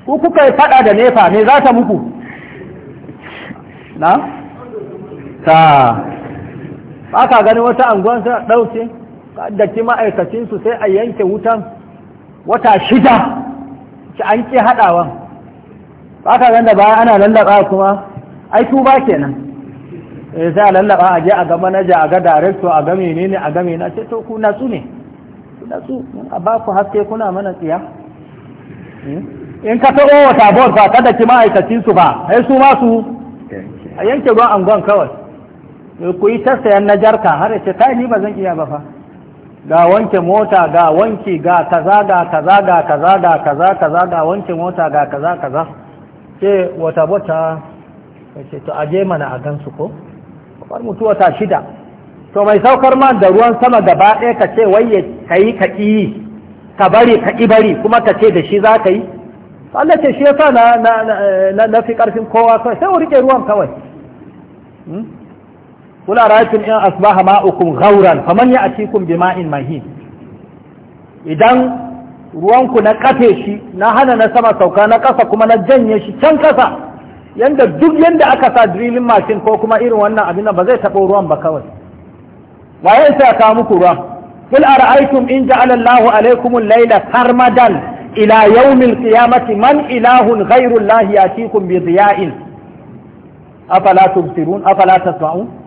ku kuka yi faɗa da nefa me za ta muku na ta ba ka gani wata anguwan sai ɗauke da ki ma'aikacinsu sai a yanke wutan wata shida ci an ce haɗawan ba ka ganda ba ana lallaba kuma aiki ba ke nan ya eh, a lallaba a je a ga manaja a ga director a ga menene a ga menene ce to ku natsu ne ku natsu a ba ku haske kuna mana tsiya hmm? in ka taɓo wata board ba kada ki ma'aikacin su ba ai su ma su a yanke ruwan angon kawai eh, ku yi ta na jarka har ya ce kai ni ba zan iya ba fa ga wanke mota ga wanki ga kaza ga kaza ga kaza ga kaza kaza ga wanke mota ga kaza kaza ce wata bota ce to aje mana a gansu ko kamar mutuwa ta shida to mai saukar man da ruwan sama gaba ɗaya ka ce waye ka yi ka ƙi ka bari ka ƙi bari kuma ka ce da shi za ka yi Allah ce shi yasa na na na fi ƙarfin kowa kawai sai wuri ke ruwan kawai hmm? kula ra'aytum in asbaha ma'ukum ghauran faman ya'tikum bima'in mahin idan ruwanku na kafe shi na hana na sama sauka na kasa kuma na janye shi can kasa yanda duk yanda aka sa drilling machine ko kuma irin wannan abin ba zai taɓo ruwan ba kawai waye sai ka muku ruwa kul ara'aytum in ja'ala Allahu alaykum al-layla sarmadan ila yawm al-qiyamati man ilahun ghayru Allah yatikum bi diya'in afala tubsirun afala tasma'un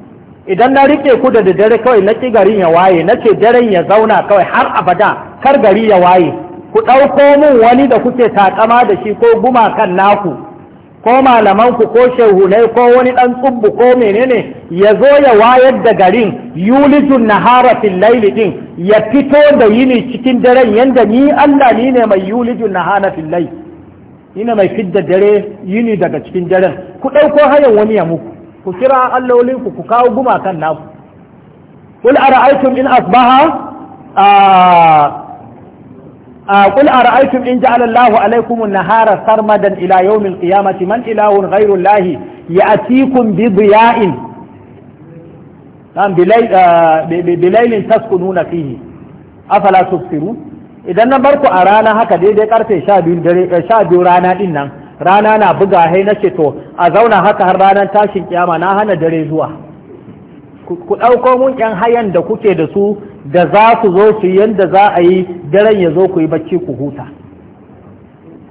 idan na rike ku da dare kawai na ki garin ya waye na ce daren ya zauna kawai har abada kar gari ya waye ku ɗauko mun wani da kuke takama da shi ko gumakan naku ko malamanku ko shehunai ko wani ɗan tsubbu ko menene ya zo ya wayar da garin yulijun nahara fil laili din ya fito da yini cikin daren yanda ni Allah ni ne mai yulijun nahara fil laili ni ne mai fidda dare yini daga cikin daren ku ɗauko hayan wani ya muku ku kira allolin ku ku kawo gumakan naku kul ara'aytum in asbaha a kul ara'aytum in ja'ala Allah alaykum an-nahara sarmadan ila yawm al man ilahun ghayru Allah ya'tikum bi diya'in bilailin idan na barku a rana haka daidai karfe sha biyu eh, rana din rana na buga hai na ce to a zauna haka har ranar tashin kiyama na hana dare zuwa ku ɗauko mun yan hayan da kuke da su da za ku zo su yanda za a yi daren ya zo ku yi bacci ku huta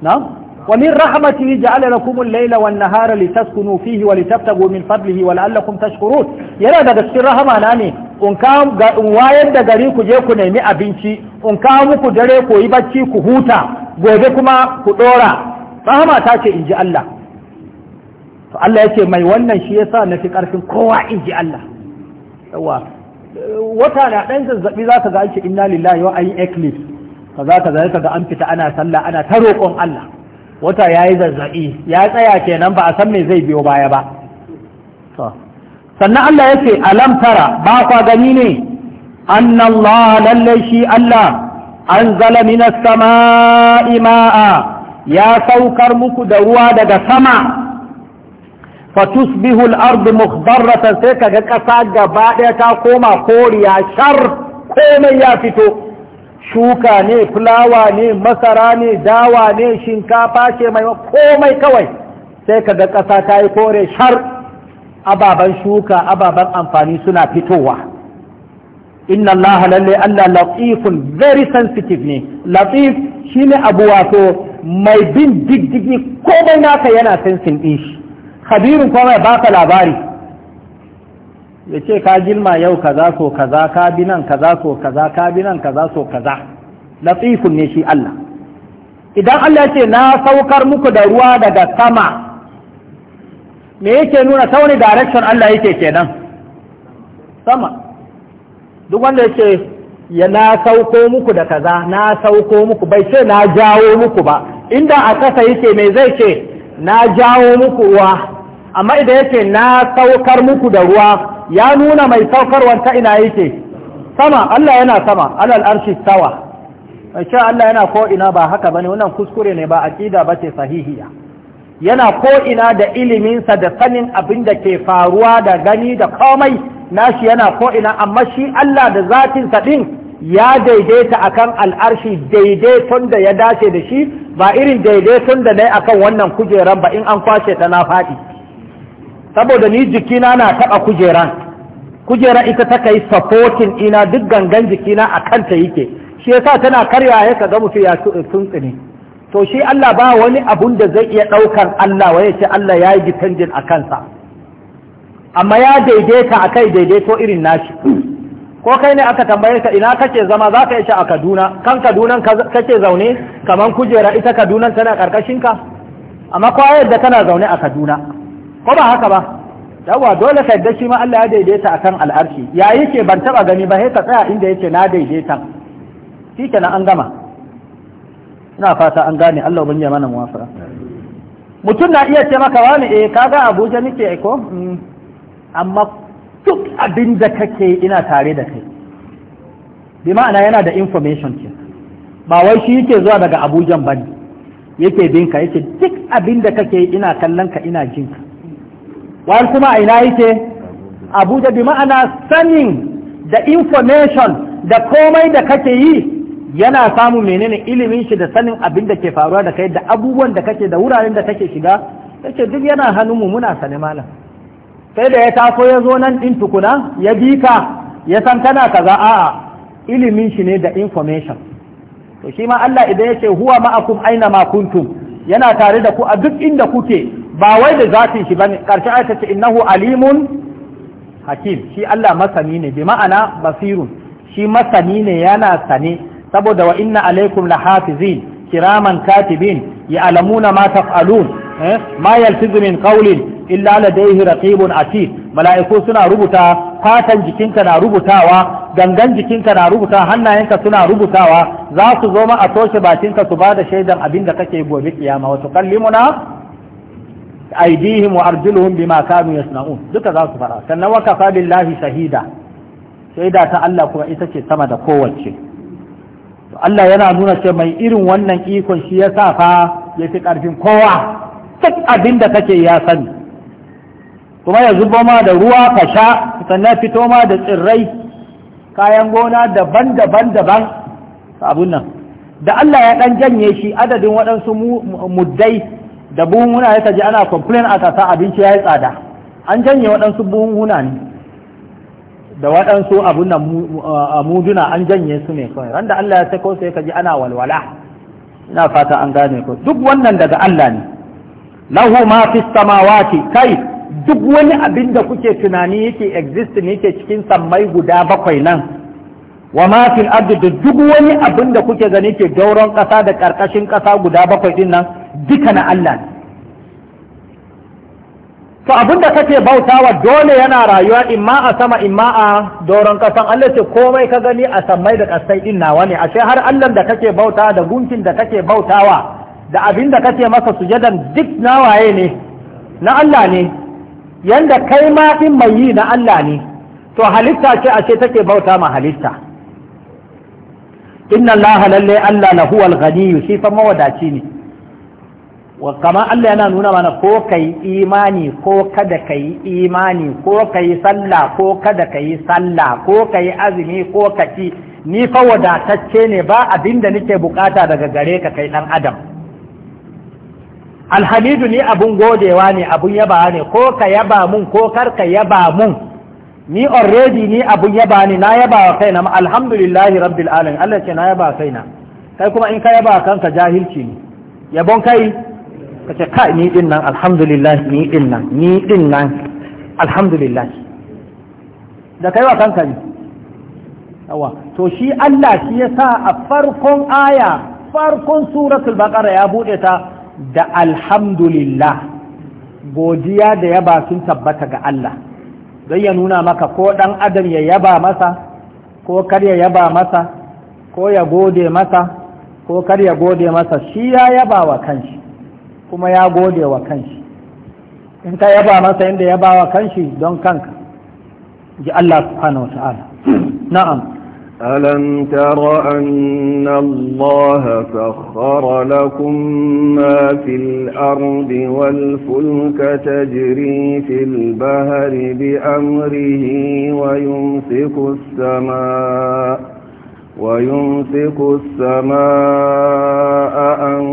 na wa min rahmati ja'ala lakum al-layla wan nahara litaskunu fihi wa litabtagu min fadlihi wa la'allakum tashkurun yana daga cikin rahama na ne in ka in wayar da gari ku je ku nemi abinci in ka muku dare ku yi bacci ku huta gobe kuma ku dora rahama ta ce in ji Allah to Allah ya ce mai wannan shi sa na fi ƙarfin kowa in ji Allah yawa wata na ɗan zazzaɓi za ka ga an ce inna lillahi wa ayi eclipse ka za ka zai ka an fita ana sallah ana ta roƙon Allah wata ya yi zazzaɓi ya tsaya kenan ba a san me zai biyo baya ba sannan Allah ya ce alam tara ba kwa gani ne annallaha lallai shi Allah anzala minas sama'i ya saukar muku da ruwa daga sama fatusbihu al-ardu mukhdarratan sai kaga kasa gaba daya ta koma koriya shar komai ya fito shuka ne fulawa ne masara ne dawa ne shinkafa ce mai komai kawai sai kaga kasa ta yi kore shar ababan shuka ababan amfani suna fitowa inna Allah lalle Allah latifun very sensitive ne latif Shi ne abu wato mai bin diddigi komai naka yana sensin din shi khabirun kuma ya baka labari ya ce ka jilma yau kaza so kaza ka bi nan kaza so kaza ka bi nan kaza so kaza latifun ne shi Allah idan Allah ya ce na saukar muku da ruwa daga sama me yake nuna ta wani direction Allah yake kenan sama duk wanda yake ya na sauko muku da kaza na sauko muku bai ce na jawo muku ba inda a kasa yake mai zai ce na jawo muku ruwa amma idan yake na saukar muku da ruwa ya nuna mai saukar ta ina yake sama Allah yana sama alal arshi sawa ce Allah yana ko ina ba haka bane wannan kuskure ne ba akida bace sahihiya yana ko ina da iliminsa da sanin abin da ke faruwa da gani da komai nashi yana ko'ina, amma shi Allah da zatin sa din ya daidaita akan al'arshi daidaiton da ya dace da shi ba irin daidaiton da nayi akan wannan kujeran ba in an kwashe ta na faɗi saboda ni jikina na taɓa kujeran kujeran ita ta kai supporting ina duk gangan jikina a kanta yake shi yasa tana karya ya kaga mutu ya tuntsini to shi Allah ba wani abun da zai iya ɗaukan Allah waye ce Allah ya yi dependent a kansa amma ya daidaita a kai daidaito irin nashi ko kai ne aka tambaye ka ina kake zama za ka yi a kaduna kan kadunan kake zaune kamar kujera ita kadunan tana karkashin ka amma kwa yadda kana zaune a kaduna ko ba haka ba yawa dole ka yadda shi ma Allah ya daidaita a kan al'arshi ya ke ban taba gani ba sai ka tsaya inda yake na daidaita shi na an gama ina fata an gane Allah ubangiji yamanin mana muwafara mutum na iya ce maka wani eh kaga Abuja nike eh, ko mm. amma duk abin da kake ina tare da kai bi ma'ana yana da information ce ba wai shi yake zuwa daga abujan ba ne yake binka yake duk abin da kake ina kallon ka ina jinka wani kuma a ina yake abuja bi ma'ana sanin da information da komai da kake yi yana samun menene ilimin shi da sanin abin da ke faruwa da kai da abubuwan da kake da wuraren da kake shiga yake duk yana hannunmu muna sane malam sai da ya taso ya zo nan ɗin tukuna ya bi ka ya san kana kaza a'a ilimin shi ne da information to shi ma Allah idan ya ce huwa ma'akum aina ma kuntum yana tare da ku a duk inda kuke ba wai da zafin shi bane karshe ayata ce innahu alimun hakim shi Allah masani ne bi ma'ana basirun shi masani ne yana sane saboda wa inna alaikum lahafizin kiraman katibin ya'lamuna ma taf'alun eh, ma yalfizu min qawlin illa ladaihi raqibun atid mala'iku suna rubuta fatan jikinka na rubutawa gangan jikinka na rubuta hannayenka suna rubutawa za su zo ma a toshe bakinka su bada shaidan abin da kake gobe kiyama wa tukallimuna aydihim wa arjuluhum bima kanu yasna'un duka za su fara sannan wa kafa billahi shahida shaida ta Allah kuma ita ce sama da kowace to Allah yana nuna ce mai irin wannan ikon shi ya sa fa ya fi ƙarfin kowa duk abin da kake ya sani kuma ya zuba ma da ruwa ka sha sannan fito ma da tsirrai kayan gona daban-daban daban abun nan da Allah ya dan janye shi adadin waɗansu muddai da buhunhuna ya kaji ana complain a kasa abinci ya yi tsada an janye waɗansu buhunhuna ne da waɗansu abun nan muduna an janye su ne kawai randa Allah ya ko sai kaji ana walwala ina fata an gane ko duk wannan daga Allah ne lahu ma fi samawati kai duk wani abin da kuke tunani yake exist ne yake cikin sammai guda bakwai nan wa ma fil da duk wani abin da kuke gani ke dauran kasa da karkashin kasa guda bakwai din nan duka na Allah to abin da kake bautawa dole yana rayuwa imma a sama imma a doron kasan Allah ce komai ka gani a sammai da kasai din nawa ne ashe har Allah da kake bautawa da gunkin da kake bautawa da abin da kake masa sujadan duk nawaye ne na Allah ne yanda kai ma mai yi na Allah ne to halitta ce ashe take bauta ma halitta inna Allah lalle Allah na huwal ganiyu, shi fa mawadaci ne wa kama Allah yana nuna mana ko kai imani ko kada kai imani ko kai sallah ko kada kai sallah ko kai azumi ko kaci ni fa wadatacce ne ba abinda nake bukata daga gare ka kai ɗan adam alhamidu ni abun godewa ne abun yaba ne ko ka yaba mun ko kar ka yaba mun ni already ni abun yaba ne na yaba wa kaina ma alhamdulillahi rabbil alamin Allah ce na yaba kaina kai kuma in ka yaba kanka jahilci ne yabon kai ka ce kai ni din nan alhamdulillah ni din nan ni din nan alhamdulillah da kai wa kanka ne yawa to shi Allah shi yasa a farkon aya farkon suratul baqara ya bude ta da alhamdulillah godiya da yaba sun tabbata ga Allah don ya nuna maka ko ɗan adam ya yaba masa ko kar ya yaba masa ko ya gode masa ko kar ya gode masa shi ya yaba wa kanshi kuma ya gode wa kanshi in ka yaba masa inda yaba wa kanshi don kanka ji Allah subhanahu wa ta'ala na'am ألم تر أن الله فخر لكم ما في الأرض والفلك تجري في البهر بأمره ويمسك السماء ويمسك السماء أن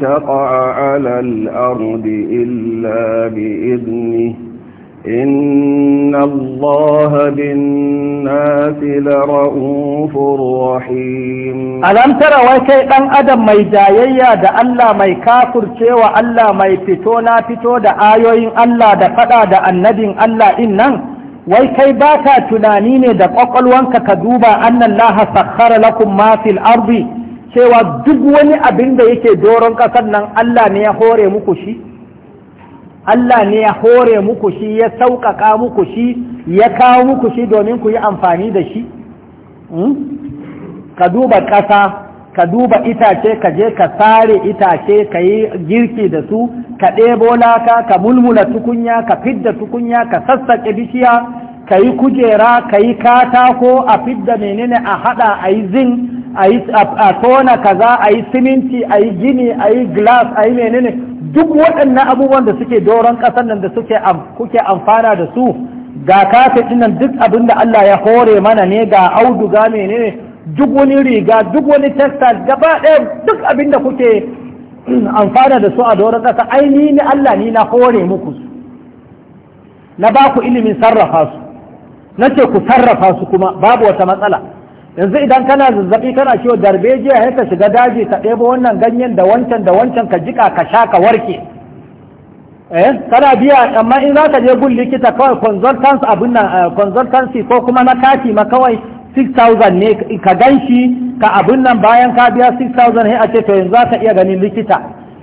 تقع على الأرض إلا بإذنه إن الله بالناس لرؤوف رحيم ألم ترى وكي أن أدم مي جايا دا ألا مي كافر شوى ألا مي فتونا da دا آيوين ألا دا قدا دا النبي ألا إنن wai kai ba ka tunani ne da ƙwaƙwalwanka ka duba annan laha sakhara lakum ma fil cewa duk wani abin da yake doron ƙasar nan Allah ne ya hore muku shi Allah ne ya hore muku shi ya sauƙaƙa muku shi ya kawo muku shi domin ku yi amfani da shi hmm? ka duba ƙasa ka duba itace ka je ka sare itace ka yi girki da su ka ɗebo laka ka mulmula tukunya ka fidda tukunya ka sassaƙe bishiya ka yi kujera ka yi katako a fidda menene a hada a yi zin a tona kaza a yi siminti a yi gini a yi glass a yi menene duk waɗannan abubuwan da suke doron ƙasar nan da suke kuke amfana da su ga kafin dinnan duk abin Allah ya hore mana ne ga auduga menene duk wani riga duk wani textile gaba ɗaya duk abin da kuke amfana da su a doron ƙasa ai ni ne Allah ni na hore muku na ba ku ilimin sarrafa su na ce ku sarrafa su kuma babu wata matsala yanzu idan kana zazzabi kana ciwo darbejiya sai ka shiga daji ka ɗebo wannan ganyen da wancan da wancan ka jika ka sha ka warke eh kana biya amma in za ka je gun likita kawai consultants abin nan eh, consultancy ko kuma na kati ma kawai 6000 ne ka ganshi ka abin nan bayan ka biya 6000 sai a ce to yanzu za ka iya ganin likita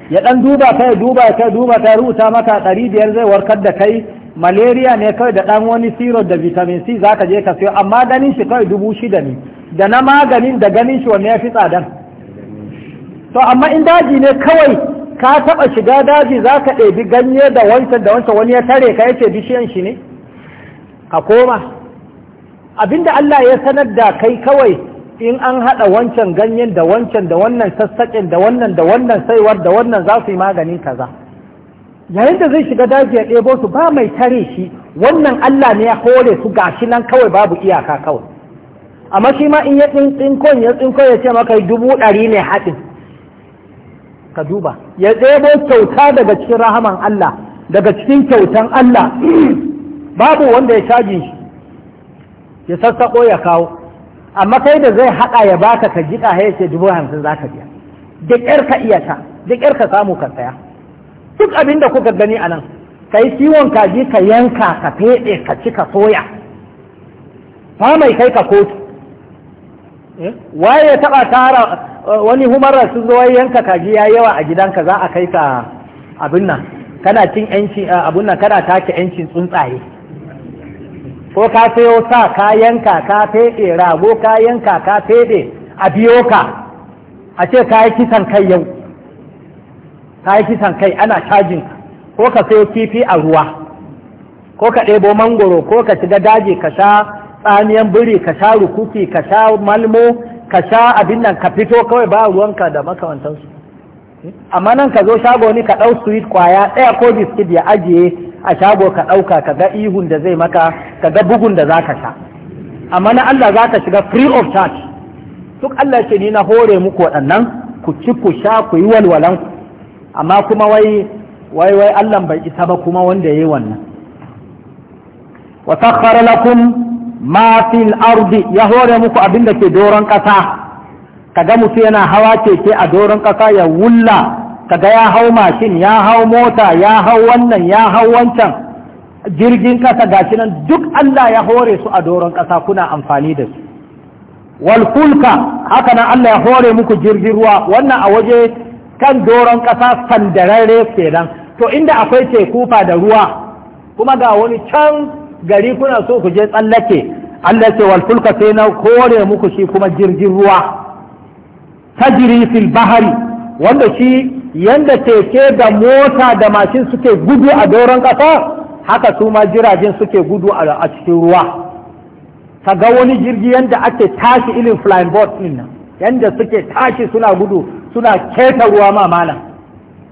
ya dan duba kai duba kai duba ta rubuta maka ɗari biyar zai warkar da kai malaria ne kawai da dan wani sirop da vitamin C zaka je ka siyo amma ganin shi kawai dubu shida ne da na maganin da ganin shi wanne ya fi tsadan to amma in daji ne kawai ka taba shiga daji zaka ɗebi ganye da wancan da wancan wani ya tare ka yace bishiyan shi ne ka koma abinda Allah ya sanar da kai kawai in an haɗa wancan ganyen da wancan da wannan sassaƙin da wannan da wannan saiwar da wannan za su yi maganin kaza yayin da zai shiga daji ya ɗebo su ba mai tare shi wannan Allah ne ya hore su gashi nan kawai babu iyaka kawai amma shi ma in ya tsinkon ya tsinko ya ce maka dubu ɗari ne haɗin ka duba ya ɗebo kyauta daga cikin rahaman Allah daga cikin kyautan Allah babu wanda ya caji shi ya sassaƙo ya kawo amma kai da zai haɗa ya baka ka jiƙa ya ce dubu hamsin za ka biya da ƙyar ka iya ta da ƙyar ka samu ka saya duk abin da kuka gani a nan ka yi kiwon kaji ka yanka ka feɗe ka ci ka soya fa mai kai ka kotu eh? waye ya taɓa tara eh, wani humarar sun zo yanka kaji ya yawa a gidanka za a kai ka abin nan kana cin yanci eh, abin nan kana take yancin tsuntsaye ko ka sayo sa ka yanka ka feɗe rago ka yanka ka feɗe a biyo ka a ce ka yi kisan kai yau ka yi kisan kai ana cajin ko ka sayo kifi a ruwa ko ka ɗebo mangoro ko ka shiga daji ka sha tsamiyan biri ka sha rukuki ka sha malmo ka sha abin nan ka fito kawai ba ruwanka da makamantansu amma nan ka zo shago ni ka ɗau sweet kwaya ɗaya ko biskit ya ajiye a shago ka ɗauka ka ga ihun da zai maka ka ga bugun da za ka sha amma na Allah za ka shiga free of charge duk Allah ce ni na hore muku waɗannan ku ci ku sha ku yi walwalan amma kuma wai wai wai Allah bai isa ba kuma wanda yayi wannan wa sakhara lakum ma fil ardi ya hore muku abin da ke doron ƙasa kaga mutu yana hawa keke a doron ƙasa ya wulla Ka ga ya hau mashin ya hau mota ya hau wannan ya hau wancan jirgin kasa gashi nan duk Allah ya hore su a doron kasa kuna amfani da su wal fulka haka nan Allah ya hore muku jirgin ruwa wannan a waje kan doron kasa sandararre kenan to inda akwai teku fa da ruwa kuma ga wani can gari kuna so ku je tsallake Allah ce wal fulka sai na hore muku shi kuma jirgin ruwa tajri fil bahari wanda shi yanda teke da mota da mashin suke gudu a doron ƙasa haka su ma jiragen suke gudu a cikin ruwa ka ga wani jirgi yanda ake tashi ilin flying boat ɗin nan yanda suke tashi suna gudu suna keta ruwa ma malam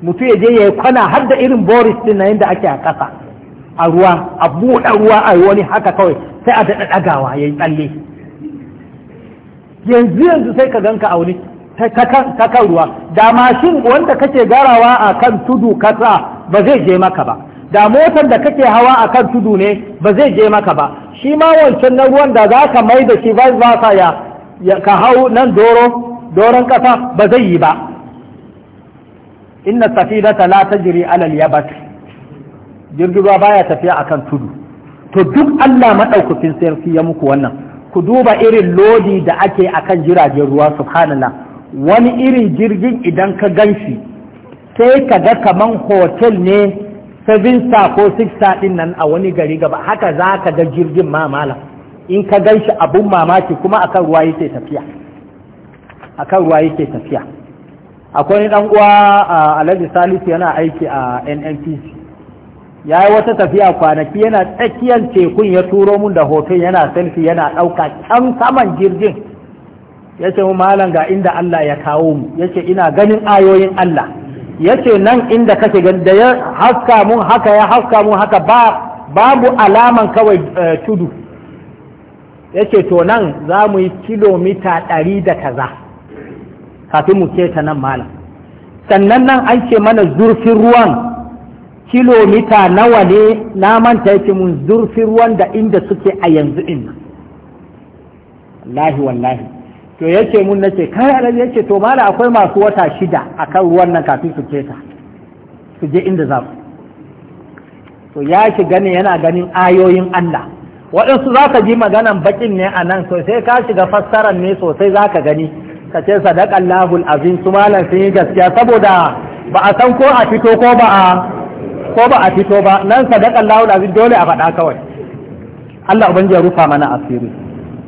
mutum ya je ya kwana har da irin boris din na yadda ake a ƙasa a ruwa a buɗe ruwa a wani haka kawai sai a daɗa ɗagawa ya yi tsalle yanzu yanzu sai ka ganka a wani ta kan ruwa da mashin wanda kake garawa a kan tudu kasa ba zai je maka ba da motar da kake hawa a kan tudu ne ba zai je maka ba shi ma wancan na ruwan da za ka mai da shi ba za ya ka hau nan doro doron kasa ba zai yi ba inna safinata la tajri alal yabat jirgin ruwa baya tafiya akan tudu to duk Allah madaukakin sarki ya muku wannan ku duba irin lodi da ake akan jiragen ruwa subhanallah wani irin jirgin idan ka gan shi sai ka ga kaman hotel ne 7 star ko 6 star din nan a wani gari gaba haka za ka ga jirgin mamala in ka gan shi abun mamaki kuma akan ruwa yake tafiya akan ruwa yake tafiya akwai dan uwa Alhaji Salisu yana aiki a NNPC ya yi wata tafiya kwanaki yana tsakiyar tekun ya turo mun da hoton yana selfie yana ɗauka can saman jirgin ya ce malam ga inda Allah ya kawo mu ya ina ganin ayoyin Allah yace nan inda kake gani da ya haska mun haka ya haska mun haka babu alaman kawai eh, tudu yace ce to nan za mu yi kilomita ɗari da kaza kafin mu keta nan malam sannan nan an ce mana zurfin ruwan kilomita nawa ne na manta yake mun zurfin ruwan da inda suke a yanzu in wallahi wallahi to yace mun nace kai alaji yace to mala akwai masu wata shida akan ruwan nan kafin su keta su je inda za su to ya shi gane yana ganin ayoyin Allah waɗansu za ka ji maganan bakin ne a nan to sai ka shiga fassarar ne sosai za ka gani ka ce sadaqallahul azim su malam sun yi gaskiya saboda ba a san ko a fito ko ba a ko ba a fito ba nan sadaqallahul azim dole a faɗa kawai Allah ubangiji ya rufa mana asiri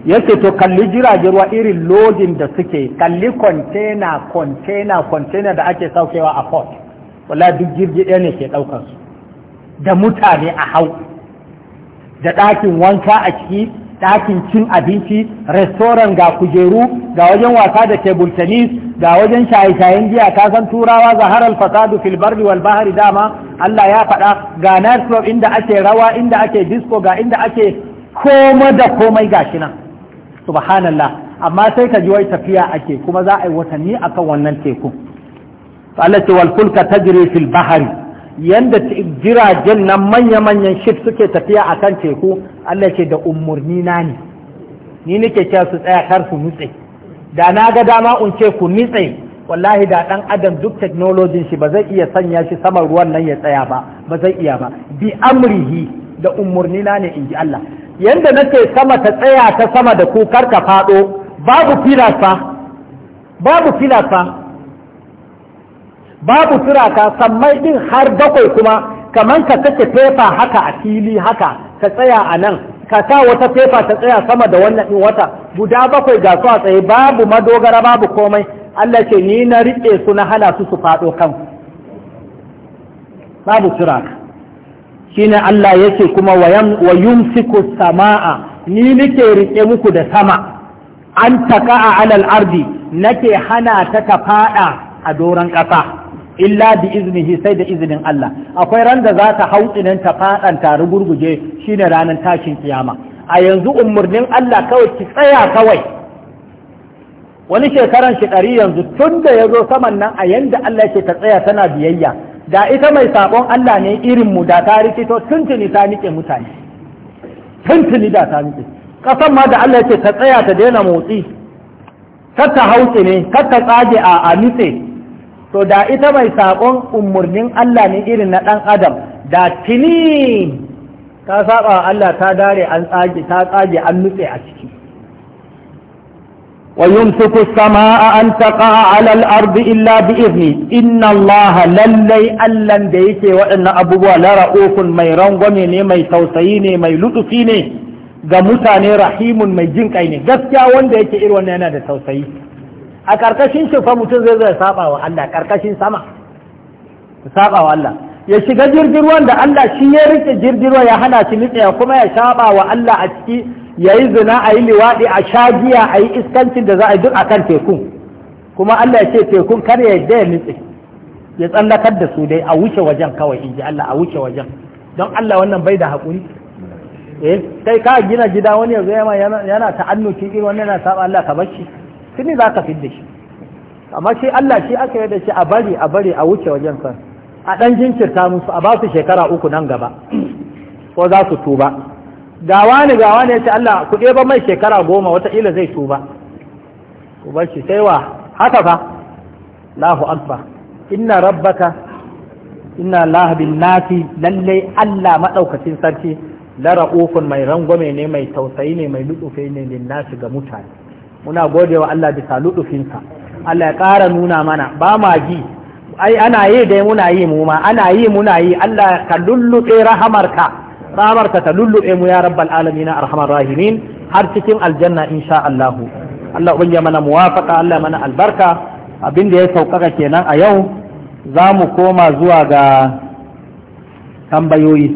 yake to kalli jiragen ruwa irin lodin da suke kalli container container container da ake saukewa a port wala duk jirgi ɗaya ne ke ɗaukar su da mutane a hau da ɗakin wanka a ciki ɗakin cin abinci restoran ga kujeru ga wajen wasa da tebul tennis ga wajen shaye-shayen giya ta san turawa zaharar fasadu fil barri wal bahari dama Allah ya faɗa ga nightclub inda ake rawa inda ake disco ga inda ake koma da komai gashi nan subhanallah amma sai ka ji wai tafiya ake kuma za a yi watanni akan wannan teku Allah ce wal kulka tajri fil bahri yanda jiragen nan manya manyan ship suke tafiya a kan teku Allah ce da umarni na ne ni nake cewa su tsaya kar su nutse da na ga dama in ce ku nutse wallahi da dan adam duk technology shi ba zai iya sanya shi saman ruwan nan ya tsaya ba ba zai iya ba bi amrihi da umarni na ne in ji Allah yanda nake sama ta tsaya ta sama da kukar ka faɗo, babu filasa babu filasa babu firaka sammai din har bakwai kuma kamar ka kace fefa haka a fili haka ka tsaya a nan ka sa wata fefa ta tsaya sama da wannan din wata guda bakwai ga su a tsaye babu madogara babu komai Allah ce ni na riƙe su na hala su su faɗo kan babu firaka shine Allah yake kuma wa yumsiku samaa ni nake rike muku da sama an taqa'a alal ardi nake hana ta ta fada a doran kasa illa bi iznihi sai da izinin Allah akwai ran da za ta nan ta fadan ta rugurguje shine ranar tashin kiyama a yanzu umurnin Allah kawai ki tsaya kawai wani shekaran shi ɗari yanzu tunda da ya zo saman nan a yanda Allah yake ta tsaya tana biyayya da ita mai sabon Allah ne irin mu da ta rikito tuntuni ta nike mutane tuntuni da ta nike kasan ma da Allah yake ta tsaya ta daina motsi kar ta ne kar ta tsage a a to da ita mai sabon umurnin Allah ne irin na dan adam da tuni ta saba Allah ta dare an tsage ta tsage an nutse a ciki ويمسك السماء أن تقع على الأرض إلا بإذنه إن الله للي ألن ديكي وإن أبوه لرؤوف مي رنغمي مي توسيني مي لطفيني غمتاني رحيم مي جنكيني غسكا وان ديكي إروان أنا دي توسي أكاركشين شفا متنزل سابا وعلا أكاركشين سما سابا وعلا ya shiga jirgin ruwan da Allah shi ya rike jirgin ruwa ya hana shi nitsaya kuma ya shaba wa Allah a ciki ya yi zina a yi liwaɗi a sha giya a yi iskancin da za a yi duk akan tekun kuma Allah ya ce tekun kar ya yadda ya nitse ya tsallakar da su dai a wuce wajen kawai in ji Allah a wuce wajen don Allah wannan bai da haƙuri eh sai ka gina gida wani ya zama yana ta'annuki irin wani yana saba Allah ka bar shi tuni za ka fidda shi amma shi Allah shi aka yarda shi a bari a bari a wuce wajen kansa a ɗan jinkirta musu a ba su shekara uku nan gaba ko za su tuba gawa ne gawa ne ce Allah ku ɗeba mai shekara goma wataƙila zai tuba ku bar shi sai wa haka fa lahu alfa inna rabbaka inna laha bin nasi lallai Allah maɗaukacin sarki la ra'ufun mai rangwame ne mai tausayi ne mai lutsufe ne lin nasi ga mutane muna gode wa Allah bisa lutsufinsa Allah ya ƙara nuna mana ba ma ji ai ana yi dai muna yi mu ma ana yi muna yi Allah ka lulluɓe rahamarka rahamarka ta lulluɓe mu ya rabbal alamin arhamar rahimin har cikin aljanna insha Allah Allah ubangiya mana muwafaqa Allah mana albarka abin da ya sauƙaƙa kenan a yau za mu koma zuwa ga tambayoyi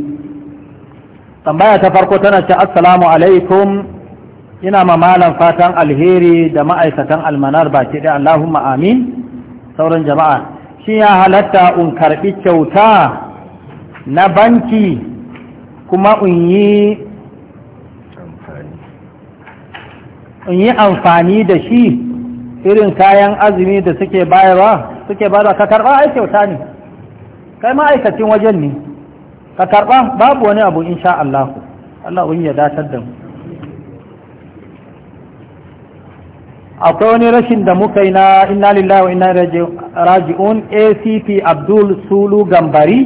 tambaya ta farko tana ce assalamu alaikum ina ma malam fatan alheri da ma'aikatan almanar baki da Allahumma amin sauran jama'a shi ya halatta in karbi kyauta na banki kuma in yi amfani da shi irin kayan azumi da suke bayarwa suke bayarwa ka karba ai kyauta ne kai ma'aikacin wajen ne ka karba babu wani abu insha Allah Allah wani ya datar da mu akwai wani rashin da muka yi na inna lillahi wa inna raji'un acp abdul sulu gambari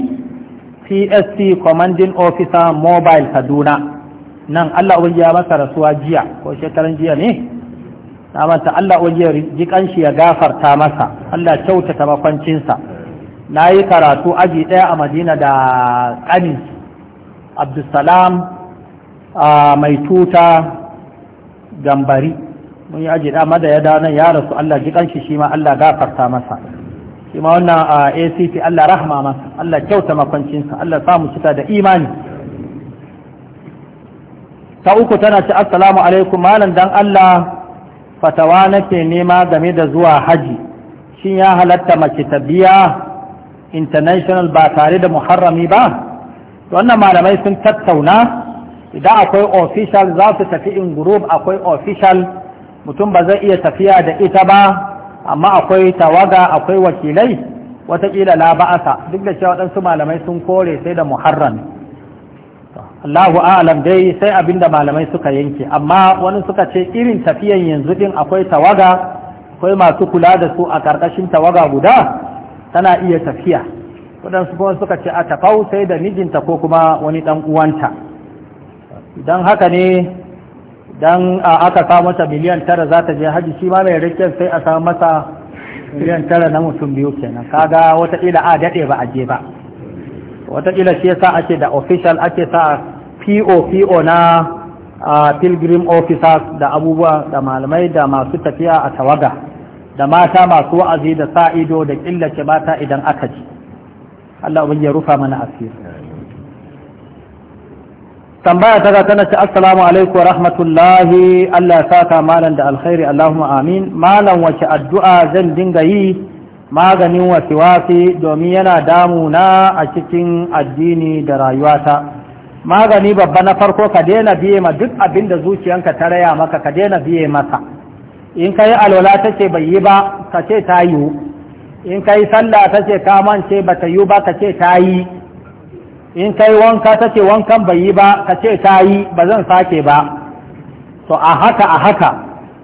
psc commanding officer mobile kaduna nan allah ubangi ya masa rasuwa jiya ko shekaran jiya ne na manta allah ubangi ya shi ya gafarta masa allah kyautata makwancinsa na yi karatu aji ɗaya a madina da ƙanin abdulsalam ah, mai tuta gambari mun yi aji dama da ya dawo ya rasu Allah ji kanshi shi ma Allah gafarta masa shi ma wannan a ACT Allah rahma masa Allah kyauta makwancinsa Allah samu cita da imani ta uku tana ce assalamu alaikum malam dan Allah fatawa nake nema game da zuwa haji shin ya halatta mace ta biya international ba tare da muharrami ba wannan malamai sun tattauna idan akwai official za su tafi in group akwai official mutum ba zai iya tafiya da ita ba amma akwai tawaga akwai wakilai watakila la ba'asa duk da cewa waɗansu malamai sun kore sai da muharram Allahu a'lam dai sai abinda malamai suka yanke amma wani suka ce irin tafiyan yanzu din akwai tawaga akwai masu kula da su a karkashin tawaga guda tana iya tafiya waɗansu kuma suka ce a tafau sai da mijinta ko kuma wani ɗan uwanta idan haka ne dan aka sa mata miliyan tara za ta je haji shi ma mai rikin sai a samu masa miliyan tara na mutum biyu kenan kaga watakila a daɗe ba a je ba watakila shi yasa ake da official ake sa POPO na pilgrim officers da abubuwa da malamai da masu tafiya a tawaga da mata masu wa'azi da sa ido da killace mata idan aka ji Allah ya rufa mana asiri tambaya ta tana ce assalamu alaikum rahmatullahi Allah saka malam da alkhairi Allahumma amin malam wace addu'a zan dinga yi maganin wasiwasi domin yana damuna a cikin addini da rayuwata magani babba na farko ka daina biye ma duk abin da zuciyanka ta raya maka ka daina biye masa in ka yi alwala ta ce bai yi ba ka ce ta yi in kai sallah ta ce ka mance ba ta yi ba ka ce ta yi in yi wanka ta ce wankan bai yi ba ka ce ta yi ba zan sake ba to a haka a haka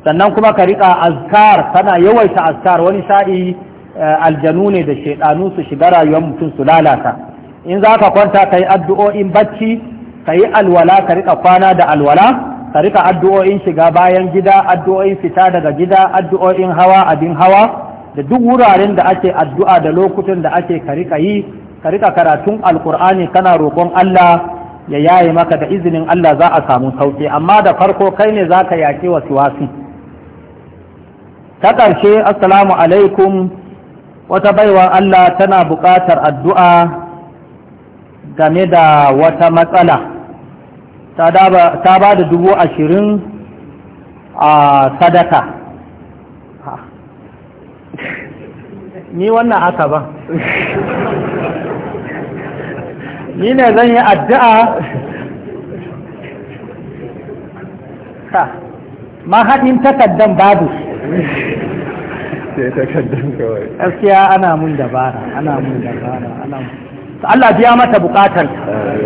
sannan kuma ka riƙa azkar tana yawaita azkar wani sa'i eh, aljanu ne da shaidanu su shiga rayuwar mutum su lalata in za ka kwanta ka yi addu'o'in bacci ka yi alwala ka riƙa kwana da alwala ka riƙa addu'o'in shiga bayan gida addu'o'in fita daga gida addu'o'in hawa abin hawa da duk wuraren da ake addu'a da lokutan da ake ka riƙa yi ka rika karatun alkur'ani kana roƙon Allah ya yaye maka da izinin Allah za a samu sauƙi amma da farko kai ne za ka yaƙi wasu wasu ta ƙarshe assalamu alaikum wata baiwa Allah tana buƙatar addu'a game da wata matsala ta ba da dubu ashirin a sadaka ni wannan aka ba ni ne zan yi addu'a ha ma haɗin takaddan babu gaskiya ana mun dabara ana mun dabara ana mun Allah biya mata bukatar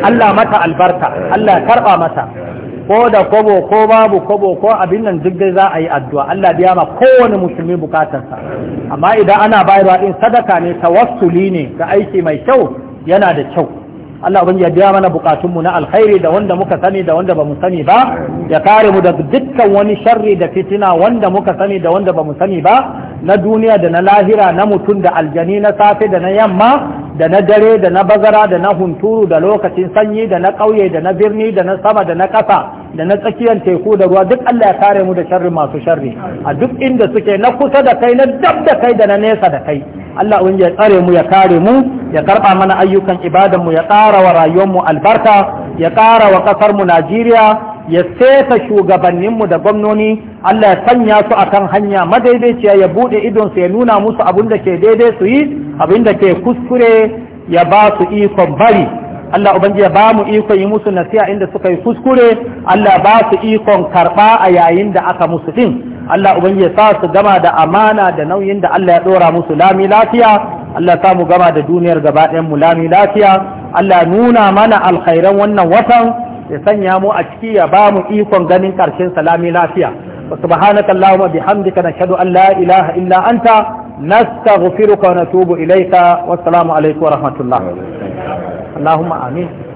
Allah mata albarka Allah karba mata ko da kobo ko babu kobo ko abin nan duk dai za a yi addu'a Allah biya ma kowane musulmi bukatarsa amma idan ana bayarwa din sadaka ne tawassuli ne ga aiki mai kyau yana da kyau Allah ubangi ya biya mana bukatunmu na alkhairi da wanda muka sani da wanda bamu sani ba ya kare mu da dukkan wani sharri da fitina wanda muka sani da wanda bamu sani ba na duniya da na lahira na mutum da aljani na safe da na yamma da na dare da na bazara da na hunturu da lokacin sanyi da na ƙauye da na birni da na sama da na ƙasa da na tsakiyar teku da ruwa duk Allah ya kare mu da sharri masu sharri a duk inda suke na kusa da kai na dab da kai da na nesa da kai Allah ubangi ya tsare mu ya kare mu ya karɓa mana ayyukan ibadan mu ya ƙara wa rayuwar mu albarka ya ƙara wa ƙasar mu Najeriya ya sefa shugabanninmu da gwamnoni Allah ya sanya su akan hanya madaidaiciya ya buɗe idon su ya nuna musu abin da ke daidai su yi abin da ke kuskure ya ba su ikon bari Allah ubangi ya ba mu ikon yi musu nasiha inda suka yi kuskure Allah ba su ikon karɓa a yayin da aka musu din Allah ubangi ya sa su gama da amana da nauyin da Allah ya ɗora musu lami lafiya Allah ta mu gama da duniyar gaba ɗayan mu lami lafiya Allah nuna mana alkhairan wannan watan ya sanya mu a ciki ya ba mu ikon ganin karshen salami lafiya wa subhanaka allahumma bihamdika nashhadu an la ilaha illa anta nastaghfiruka wa natubu ilayka wa assalamu alaikum wa rahmatullah allahumma amin